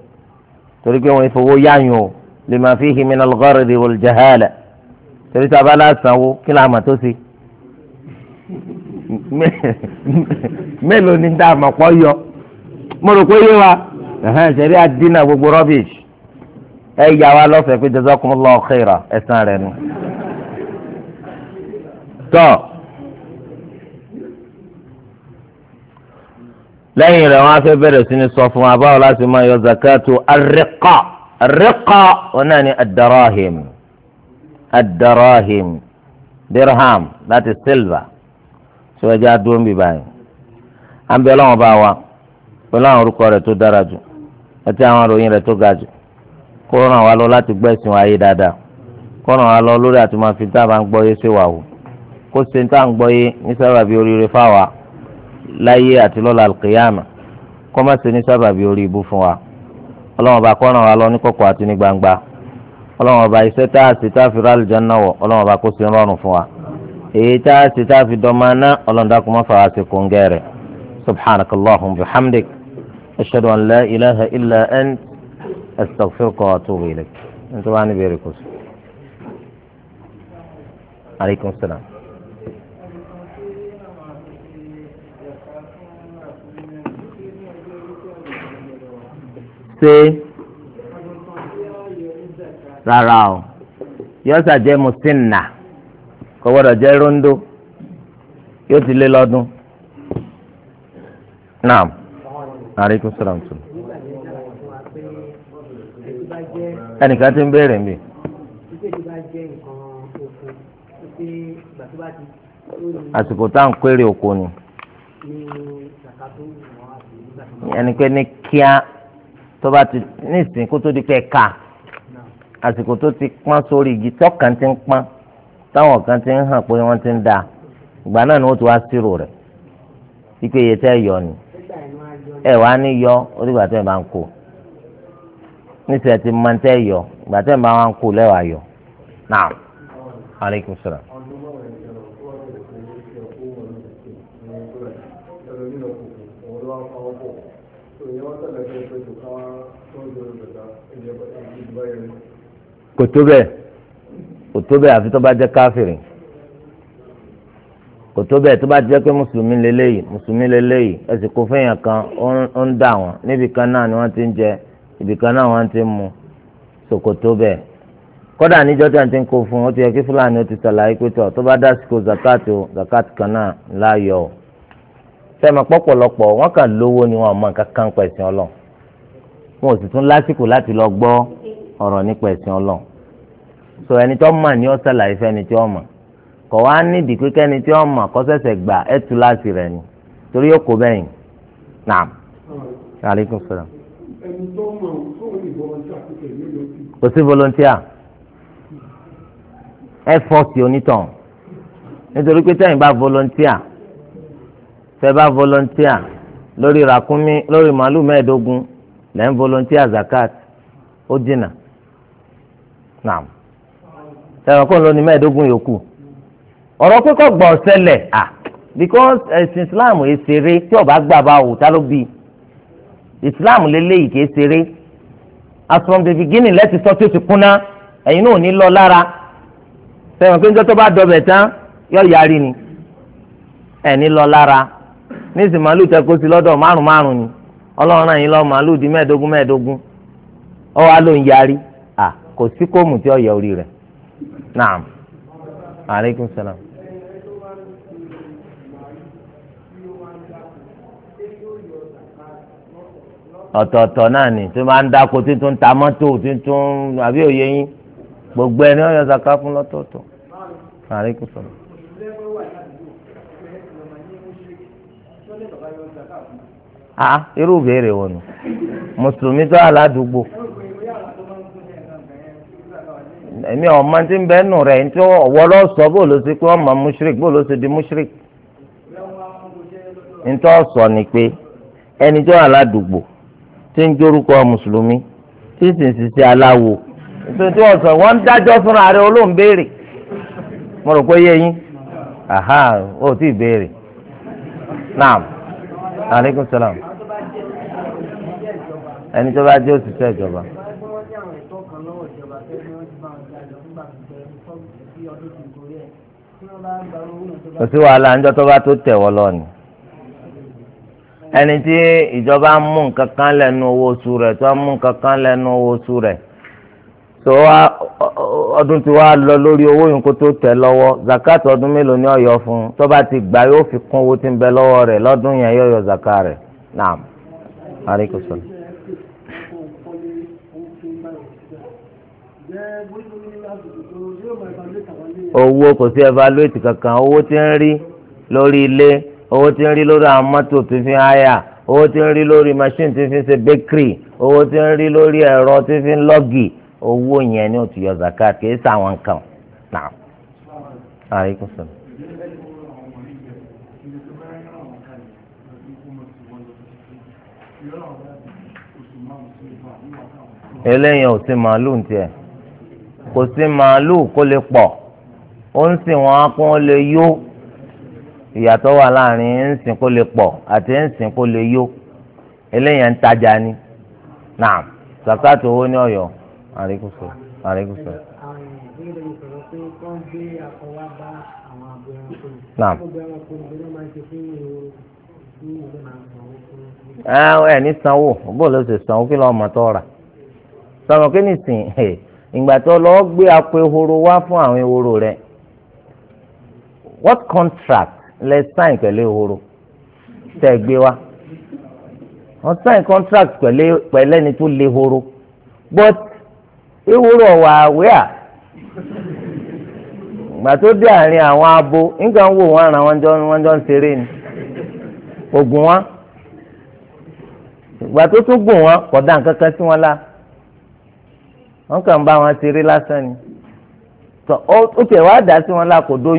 torí pé wọn ìfowó yáyùn o lima fihi min al-gharri wal-jahala torí tí a bá lásanwó kí làá mà tó ṣe mélòó ni dá àmọ̀ pọ̀ yọ mo rò pé yé wa ṣẹ̀rí àdínà gbogbo rubbish ẹ yà wá lọ́fẹ̀ẹ́ pé jazakumullahu khaira ẹ̀sán rẹ̀ nu. tọ́ lẹ́yìn rẹ̀ wọ́n á fẹ́ bẹ̀rẹ̀ sí ni sọ fún wa báwo láti máa yọ zakato ariqa ariqa wọn náà ni adarahim adarahim dirham láti silva síwájú adúlọ́ bíi báyìí à ń bẹ lọ́wọ́ bá wa pẹ̀lú àwọn orúkọ rẹ̀ tó dára jù àti àwọn ìròyìn rẹ̀ tó ga jù kó ràn wá lọ láti gbẹ̀sìn ayé dáadáa kó ràn wá lọ lórí àti máa fi tá a bá ń gbọ́ yé sí wa o kó ṣe ń gbọ́ yé ní sábàbí oríire fáwa láyé àti lọ́la alqiyama kọ́ má ṣe ní sábàbí orí ibú fún wa ọlọ́run ọba kó ràn wá lọ ní kọ̀kọ̀ àti ní gbangba ọlọ́run ọba iṣẹ́ tá a sì tá a fi rálì janna wọ̀ ọlọ́run ọba kó ṣe rọrùn fún wa èyí tá a sì tá a fi dọ́mọ aná ọlọ́run dákun má fara ṣe kóńgẹ́ rẹ̀ subhanakallahumma bihamdik ashhadu an la ilaha illa ant astaghfiruka wa atubu ilayk nítorí wàá níbi èrè aleykum salaam. ṣe rárá o yọ́sà jẹ́ mùsínà kò gbọ́dọ̀ jẹ́ rondo yóò ti lé lọ́dún naam aleykum salaam tún. ẹnìkan ti ń béèrè mi. àsìkò tá à ń kéré oko ni ẹnìkan kíá tó bá ti ní ìsìn kó tó di pé ká àsìkò tó ti pọ́n sórí igi tọ́kàn ti ń pọ́n táwọn kan ti ń hàn pé wọ́n ti ń da ìgbà náà ni wọ́n ti wá sírò rẹ̀ wípé iye tẹ́ yọ ni ẹ wá ní yọ onígbà tẹ́ bá ń kó níṣẹ́ ti máa ń yọ ìgbà tẹ́ bá wá ń kó lẹ́wàá yọ náà aleykum salaam. kò tó bẹ́ẹ̀ kò tó bẹ́ẹ̀ àfi tó bá jẹ́ káfìrì kò tó bẹ́ẹ̀ tó bá jẹ́ pé mùsùlùmí lélẹ́yìí mùsùlùmí lélẹ́yìí ẹ̀sìn kò fẹ́yàn kan ó ń dà wọ́n níbi kan náà ni wọ́n ti ń jẹ ibì kan náà wọ́n ti ń mu so kò tó bẹ́ẹ̀ kódà níjọ́ tí a ti ń kó fún ó ti yẹ kí fúlàní ó ti sàlàyé pé tọ̀ tó bá dásìkò zakat o zakat kan náà láàyò o sẹ́mi pọ̀pọ̀lọpọ̀ wọ́n kàn lówó ni wọ́n mọ nǹkan kan pẹ̀sìn ọlọ́ wọn ò sì tún lásìkò láti lọ gbọ́ ọ̀rọ̀ nípa ẹ̀sìn ọlọ́run so ẹni tó mọ̀ ni ó ṣàlàyé fẹ́ni tí ó mọ̀ kọ̀ wá nídìí pé kẹ́ni tí ó mọ̀ kọ́ gbà ẹ̀ tú láti rẹ̀ ni torí ó kó bẹ́yìn naam aleykum salaam. ẹni tó mọ̀ fún ìbọ̀lọ́ntì àkókò ìlú lọ́sí. kò sí volunteer ẹ fọ́ọ̀sì onítàn nítorí pé tẹ́yìn bá volunteer tẹ́ bá volunteer lórí ràkúnmí lórí màálù mẹ́ẹ̀ẹ́dógún lẹ́yìn volunteer zakat ó dínà naam sẹwọn kó ló ní mẹ́ẹ̀ẹ́dógún yòókù ọ̀rọ̀ pípọ gbọ ọsẹlẹ à because ẹ̀sìn islam yìí ṣeré tí ọba gbà bá wò tá ló bí islam lélẹyìí kìí ṣeré as from the beginning lẹ́tì sọ tí ó ti kúnná ẹ̀yin náà ò ní lọ lára sẹwọn pé níjọ́ tó bá dọbẹ̀ tán yọ yarí ni ẹ̀ ní lọ lára ní ìsìn màálù tẹkọ sí lọ́dọ̀ márùn márùn ni ọlọ́run náà yín lọ màálù di mẹ́ẹ̀ẹ́dógún mẹ́ẹ̀ẹ́dógún ọwọ́ á ló ń yarí à kò sí kóòmù tí ó yẹ orí rẹ̀ نعم. عليكم السلام. ọ̀tọ̀ọ̀tọ̀ náà ni tó máa ń dáko tuntun ta mọ́tò tuntun àbí òye yín gbogbo ẹni ọ̀yọ́ zaka fún lọ́tọ̀ọ̀tọ̀ ah, irú béèrè wọn nù mùsùlùmí tó aládùúgbò. èmi ọmọ tí ń bẹ rẹ ntí ọwọ́ lọ sọ bó ló ti pé ọmọ mushrik bó ló ti di ọ sọ ni pé ẹni tó tí ń jórúkọ mùsùlùmí tí sì ń aláwo tuntun tí wọ́n sọ wọ́n ń dájọ́ fúnra rẹ olóhùn béèrè mo rò pé yé yín aha ti béèrè naam aleykum kò sí wàhálà ńjọ́ tó bá tó tẹ̀ wọ́ lọ ni ẹni tí ìjọba mú nǹkan kan lẹ́nu owó oṣù rẹ̀ tó mú nǹkan kan lẹ́nu owó oṣù rẹ̀ tó wá ọdún tí wàá lọ lórí owó yìí kó tó tẹ̀ lọ́wọ́ zakat ọdún mélòó ni ó yọ fún un tó bá ti gbà yóò fi kún owó tí ń bẹ lọ́wọ́ rẹ̀ lọ́dún yẹn yóò yọ zakat rẹ̀ naam owó kò sí evaluate kankan owó tí ń rí lórí ilé owó tí ń rí lórí àwọn mọ́tò tó fi háyà owó tí ń rí lórí machine tó fi ṣe bakery owó tí ń rí lórí ẹ̀rọ tó fi ń lọ́gì owó yẹn ni ó ti yọ zakat kì í sàwọn nǹkan náà. eléyìí ò sí màálù tiẹ̀ kò sí màálù kó lè pọ̀. ó ń sìn wọn kó wọn lè yó ìyàtọ̀ wà láàrin ń sìn kó lè pọ̀ àti ń sìn kó lè yó eléyàn ń tajà ni náà sàkáàtì owó ní ọ̀yọ́ àríkùsọ ẹ ní sanwó ló ṣe sanwó kí lọ́ọ́ mọ̀ sọ̀rọ̀ kí gbé ehoro wá fún àwọn ehoro rẹ̀ what contract lẹ sign pẹ̀lú ehoro tẹ́ ẹ gbé wa wọ́n sign contract pẹ̀lú pẹ̀lú ẹni tó lé but ehoro ọ̀wà àwẹ́à gbà tó dé àárín àwọn abo nǹkan wò wọ́n ara wọn jọ wọ́n jọ ń ṣeré ni ògùn wọn gbà tó tún gùn wọn kò wọn la wọ́n kàn ń bá wọn lásán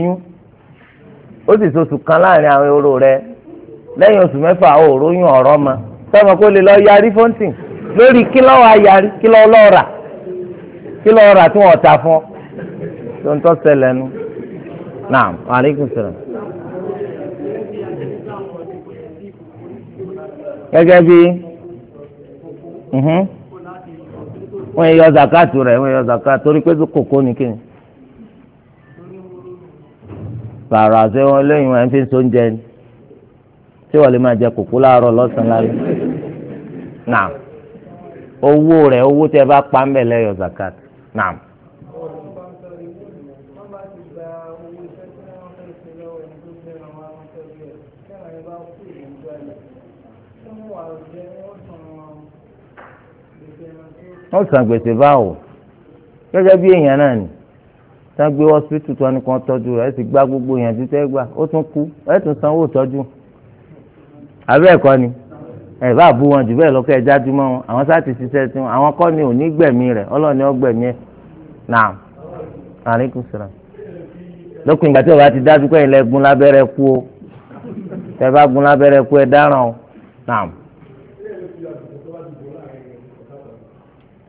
ni ó sì soṣù kan láàrin àwọn ehoro rẹ lẹ́yìn oṣù mẹ́fà òòró yún ọ̀rọ̀ ma sọ́mọ kó lè lọ yarí fóńtìn lórí kí wa ayarí kí lọ́wọ́ lọ́ọ́ rà rà tí wọ́n ta fún tó ń tọ́ ṣẹlẹ̀ nu naam gẹ́gẹ́ mhm. zakatu rẹ̀ wọ́n yọ zakatu torí pé kòkó ni kí sàrà àti wọn lẹ́yìn wọn fi ń so oúnjẹ ni tí wọ́n lè máa jẹ kókó láàárọ̀ lọ́sàn-án lálẹ́ náà owó rẹ̀ owó tẹ bá pa ń bẹ̀ lẹ́yọ̀ zakat náà. wọ́n san gbèsè báwo gẹ́gẹ́ bí èèyàn náà ni tá a gbé hospital tó ẹnìkan tọ́jú rẹ̀ ẹ sì gba gbogbo ìyànjú tẹ́ gbà ó tún kú ẹ tún sanwó tọ́jú abẹ́ ẹ̀kọ́ ni ẹ bá bú wọn jù bẹ́ẹ̀ lọ́kọ́ ẹ jájú mọ́ wọn àwọn sáà ti ṣiṣẹ́ tí wọn àwọn kọ́ ni ò gbẹ̀mí rẹ̀ ọlọ́run ni ẹ̀ náà àríkù sọ̀rọ̀ lókun ìgbà tí o ti dájú pé ilẹ̀ gun lábẹ́rẹ́ kú o tẹ bá gun lábẹ́rẹ́ kú ẹ dáràn o náà.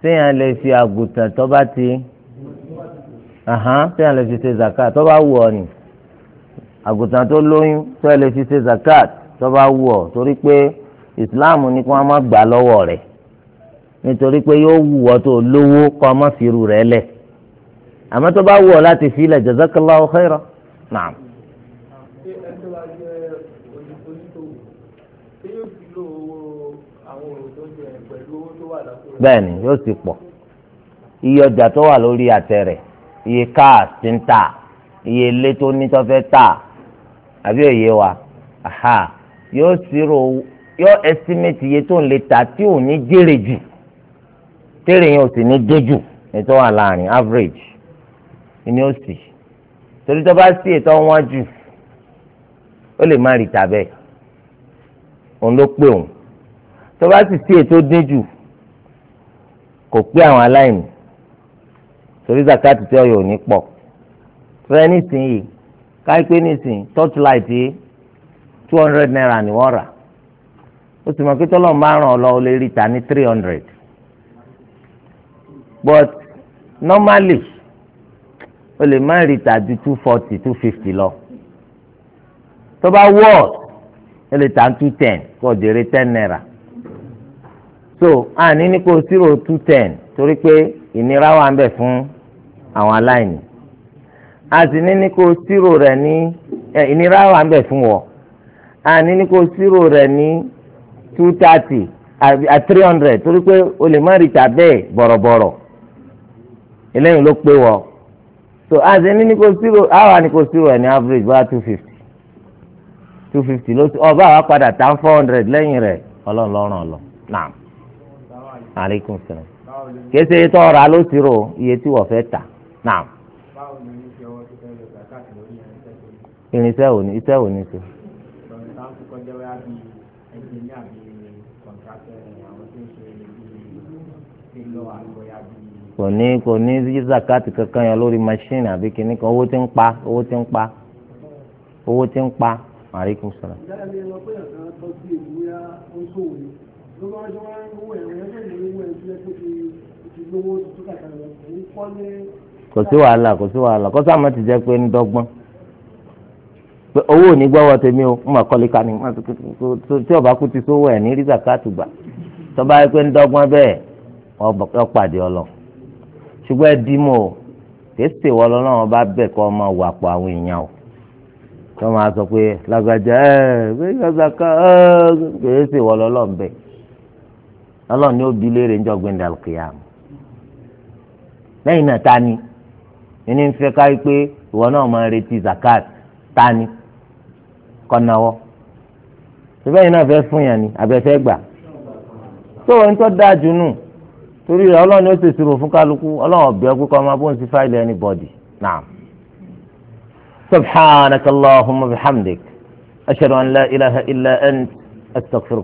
téèyàn lè fi àgùntàn tó bá ti. ahan tí a lè fi ṣe zakat tó bá wù ọ ni àgùntàn tó lóyún tó lè fi ṣe zakat tó bá wù ọ torí pé islam ni kí wọ́n má gbà lọ́wọ́ rẹ̀ nítorí pé yóò wù tó lówó ọmọ rẹ̀ lẹ̀ àmọ́ tó bá wù láti fi ilẹ̀ jazakallahu khaira naam. yóò ti pọ̀ iye ọjà tó wà lórí iye cars ti ń tà iye ilé tó ní tó fẹ́ tà àbí òye wa aha yóò ṣírò yóò estimate iye tó ń lè tà tí ò ní jèrè jù tèrè yẹn ò sì ní dé jù ètò wà láàrin average ni ó sì torí tó bá sí ètò wọn jù ó lè má rí tà òun ló pé òun tó bá sì sí ètò dín jù kò pé àwọn aláìní torí zakati tẹ́ ọ̀yọ́ ní pọ̀ fẹ́ nísìnyí káyipé nísìnyí torchlight yìí two hundred naira ni wọ́n rà ó sì mọ̀ pé tọ́lọ́mù bá ràn ọ́ lọ ó lè rí ta ní three hundred but normally o lè má rí ta ju two forty two fifty lọ tó bá wọ́ọ̀ o lè ta two ten kó o jèrè ten naira so àní ní kó zero two ten torí pé ìnira wà ń bẹ fún àwọn aláìní àti ní ní kó zero rẹ̀ ní ìnira wà ń bẹ fún wọ àní ní kó zero rẹ̀ ní two thirty at three hundred torí pé o lè má rí ta bẹ́ẹ̀ bọ̀rọ̀bọ̀rọ̀ eléyìí ló pé wọ so àti ní ní kó zero àwa ní kó zero rẹ̀ ní average bá two fifty two fifty ló ọba àwa padà tán four hundred lẹ́yìn rẹ̀ ọlọ́run lọ́rùn ọ̀lọ́ náà aleykum salaam kèsè yìí tó ọ̀rọ̀ aló ti rò iye tí wọ́n fẹ́ tà náà. irinṣẹ́ òní iṣẹ́ òní ṣe. kò ní kò ní zakati kankan yẹn lórí machine àbí kìnnì kan owó tí ń pa owó tí ń pa owó tí ń pa. maaleykum salaam ló bá jọ wá owó ẹ̀rọ ẹ̀rọ ìlú owó ẹ̀rọ tó yẹ kó ti ti lówó tó kàkà lọ kò ń kọ́ lé. kò sí wàhálà kò sí wàhálà kó sáà má ti jẹ́ pé ń dọ́gbọ́n pé owó ò ní gbọ́wọ́ tèmi o ń mà kọ́lé ká tí ọba kú ti sówó ẹ̀ ní rí zakatu gbà tọ́ba yẹ pé ń dọ́gbọ́n bẹ́ẹ̀ ọ̀pàdé ọlọ ṣùgbọ́n ẹ dì mọ́ o tètè wọ́n lọ́nà wọn bá bẹ̀ kọ́ ọmọ wà pọ̀ àwọn èèyàn o tọ́ máa sọ pé lágbájá ẹ̀ ẹ̀ bí yọ zaka ẹ̀ ẹ̀ tètè bẹ́ẹ̀ ọlọ́run ní òbí léèrè ńjọ́ gbẹ̀ndà kìá lẹ́yìn náà tani ẹni ń fẹ́ káyí pé ìwọ náà máa retí zakat tani kọ́náwọ́ ṣùgbọ́n yìí náà fẹ́ fún yàn ni àbẹ̀fẹ́ gbà tó ń tọ́ dáa jù nù torí rẹ̀ ọlọ́run ó ṣèṣirò fún kálukú ọlọ́run ọ̀bẹ ọkú kọ́ máa bó ń sí fáìlì anybody náà. subhanakallahumma bihamdik ashhadu an la ilaha illa ant astaghfiruka.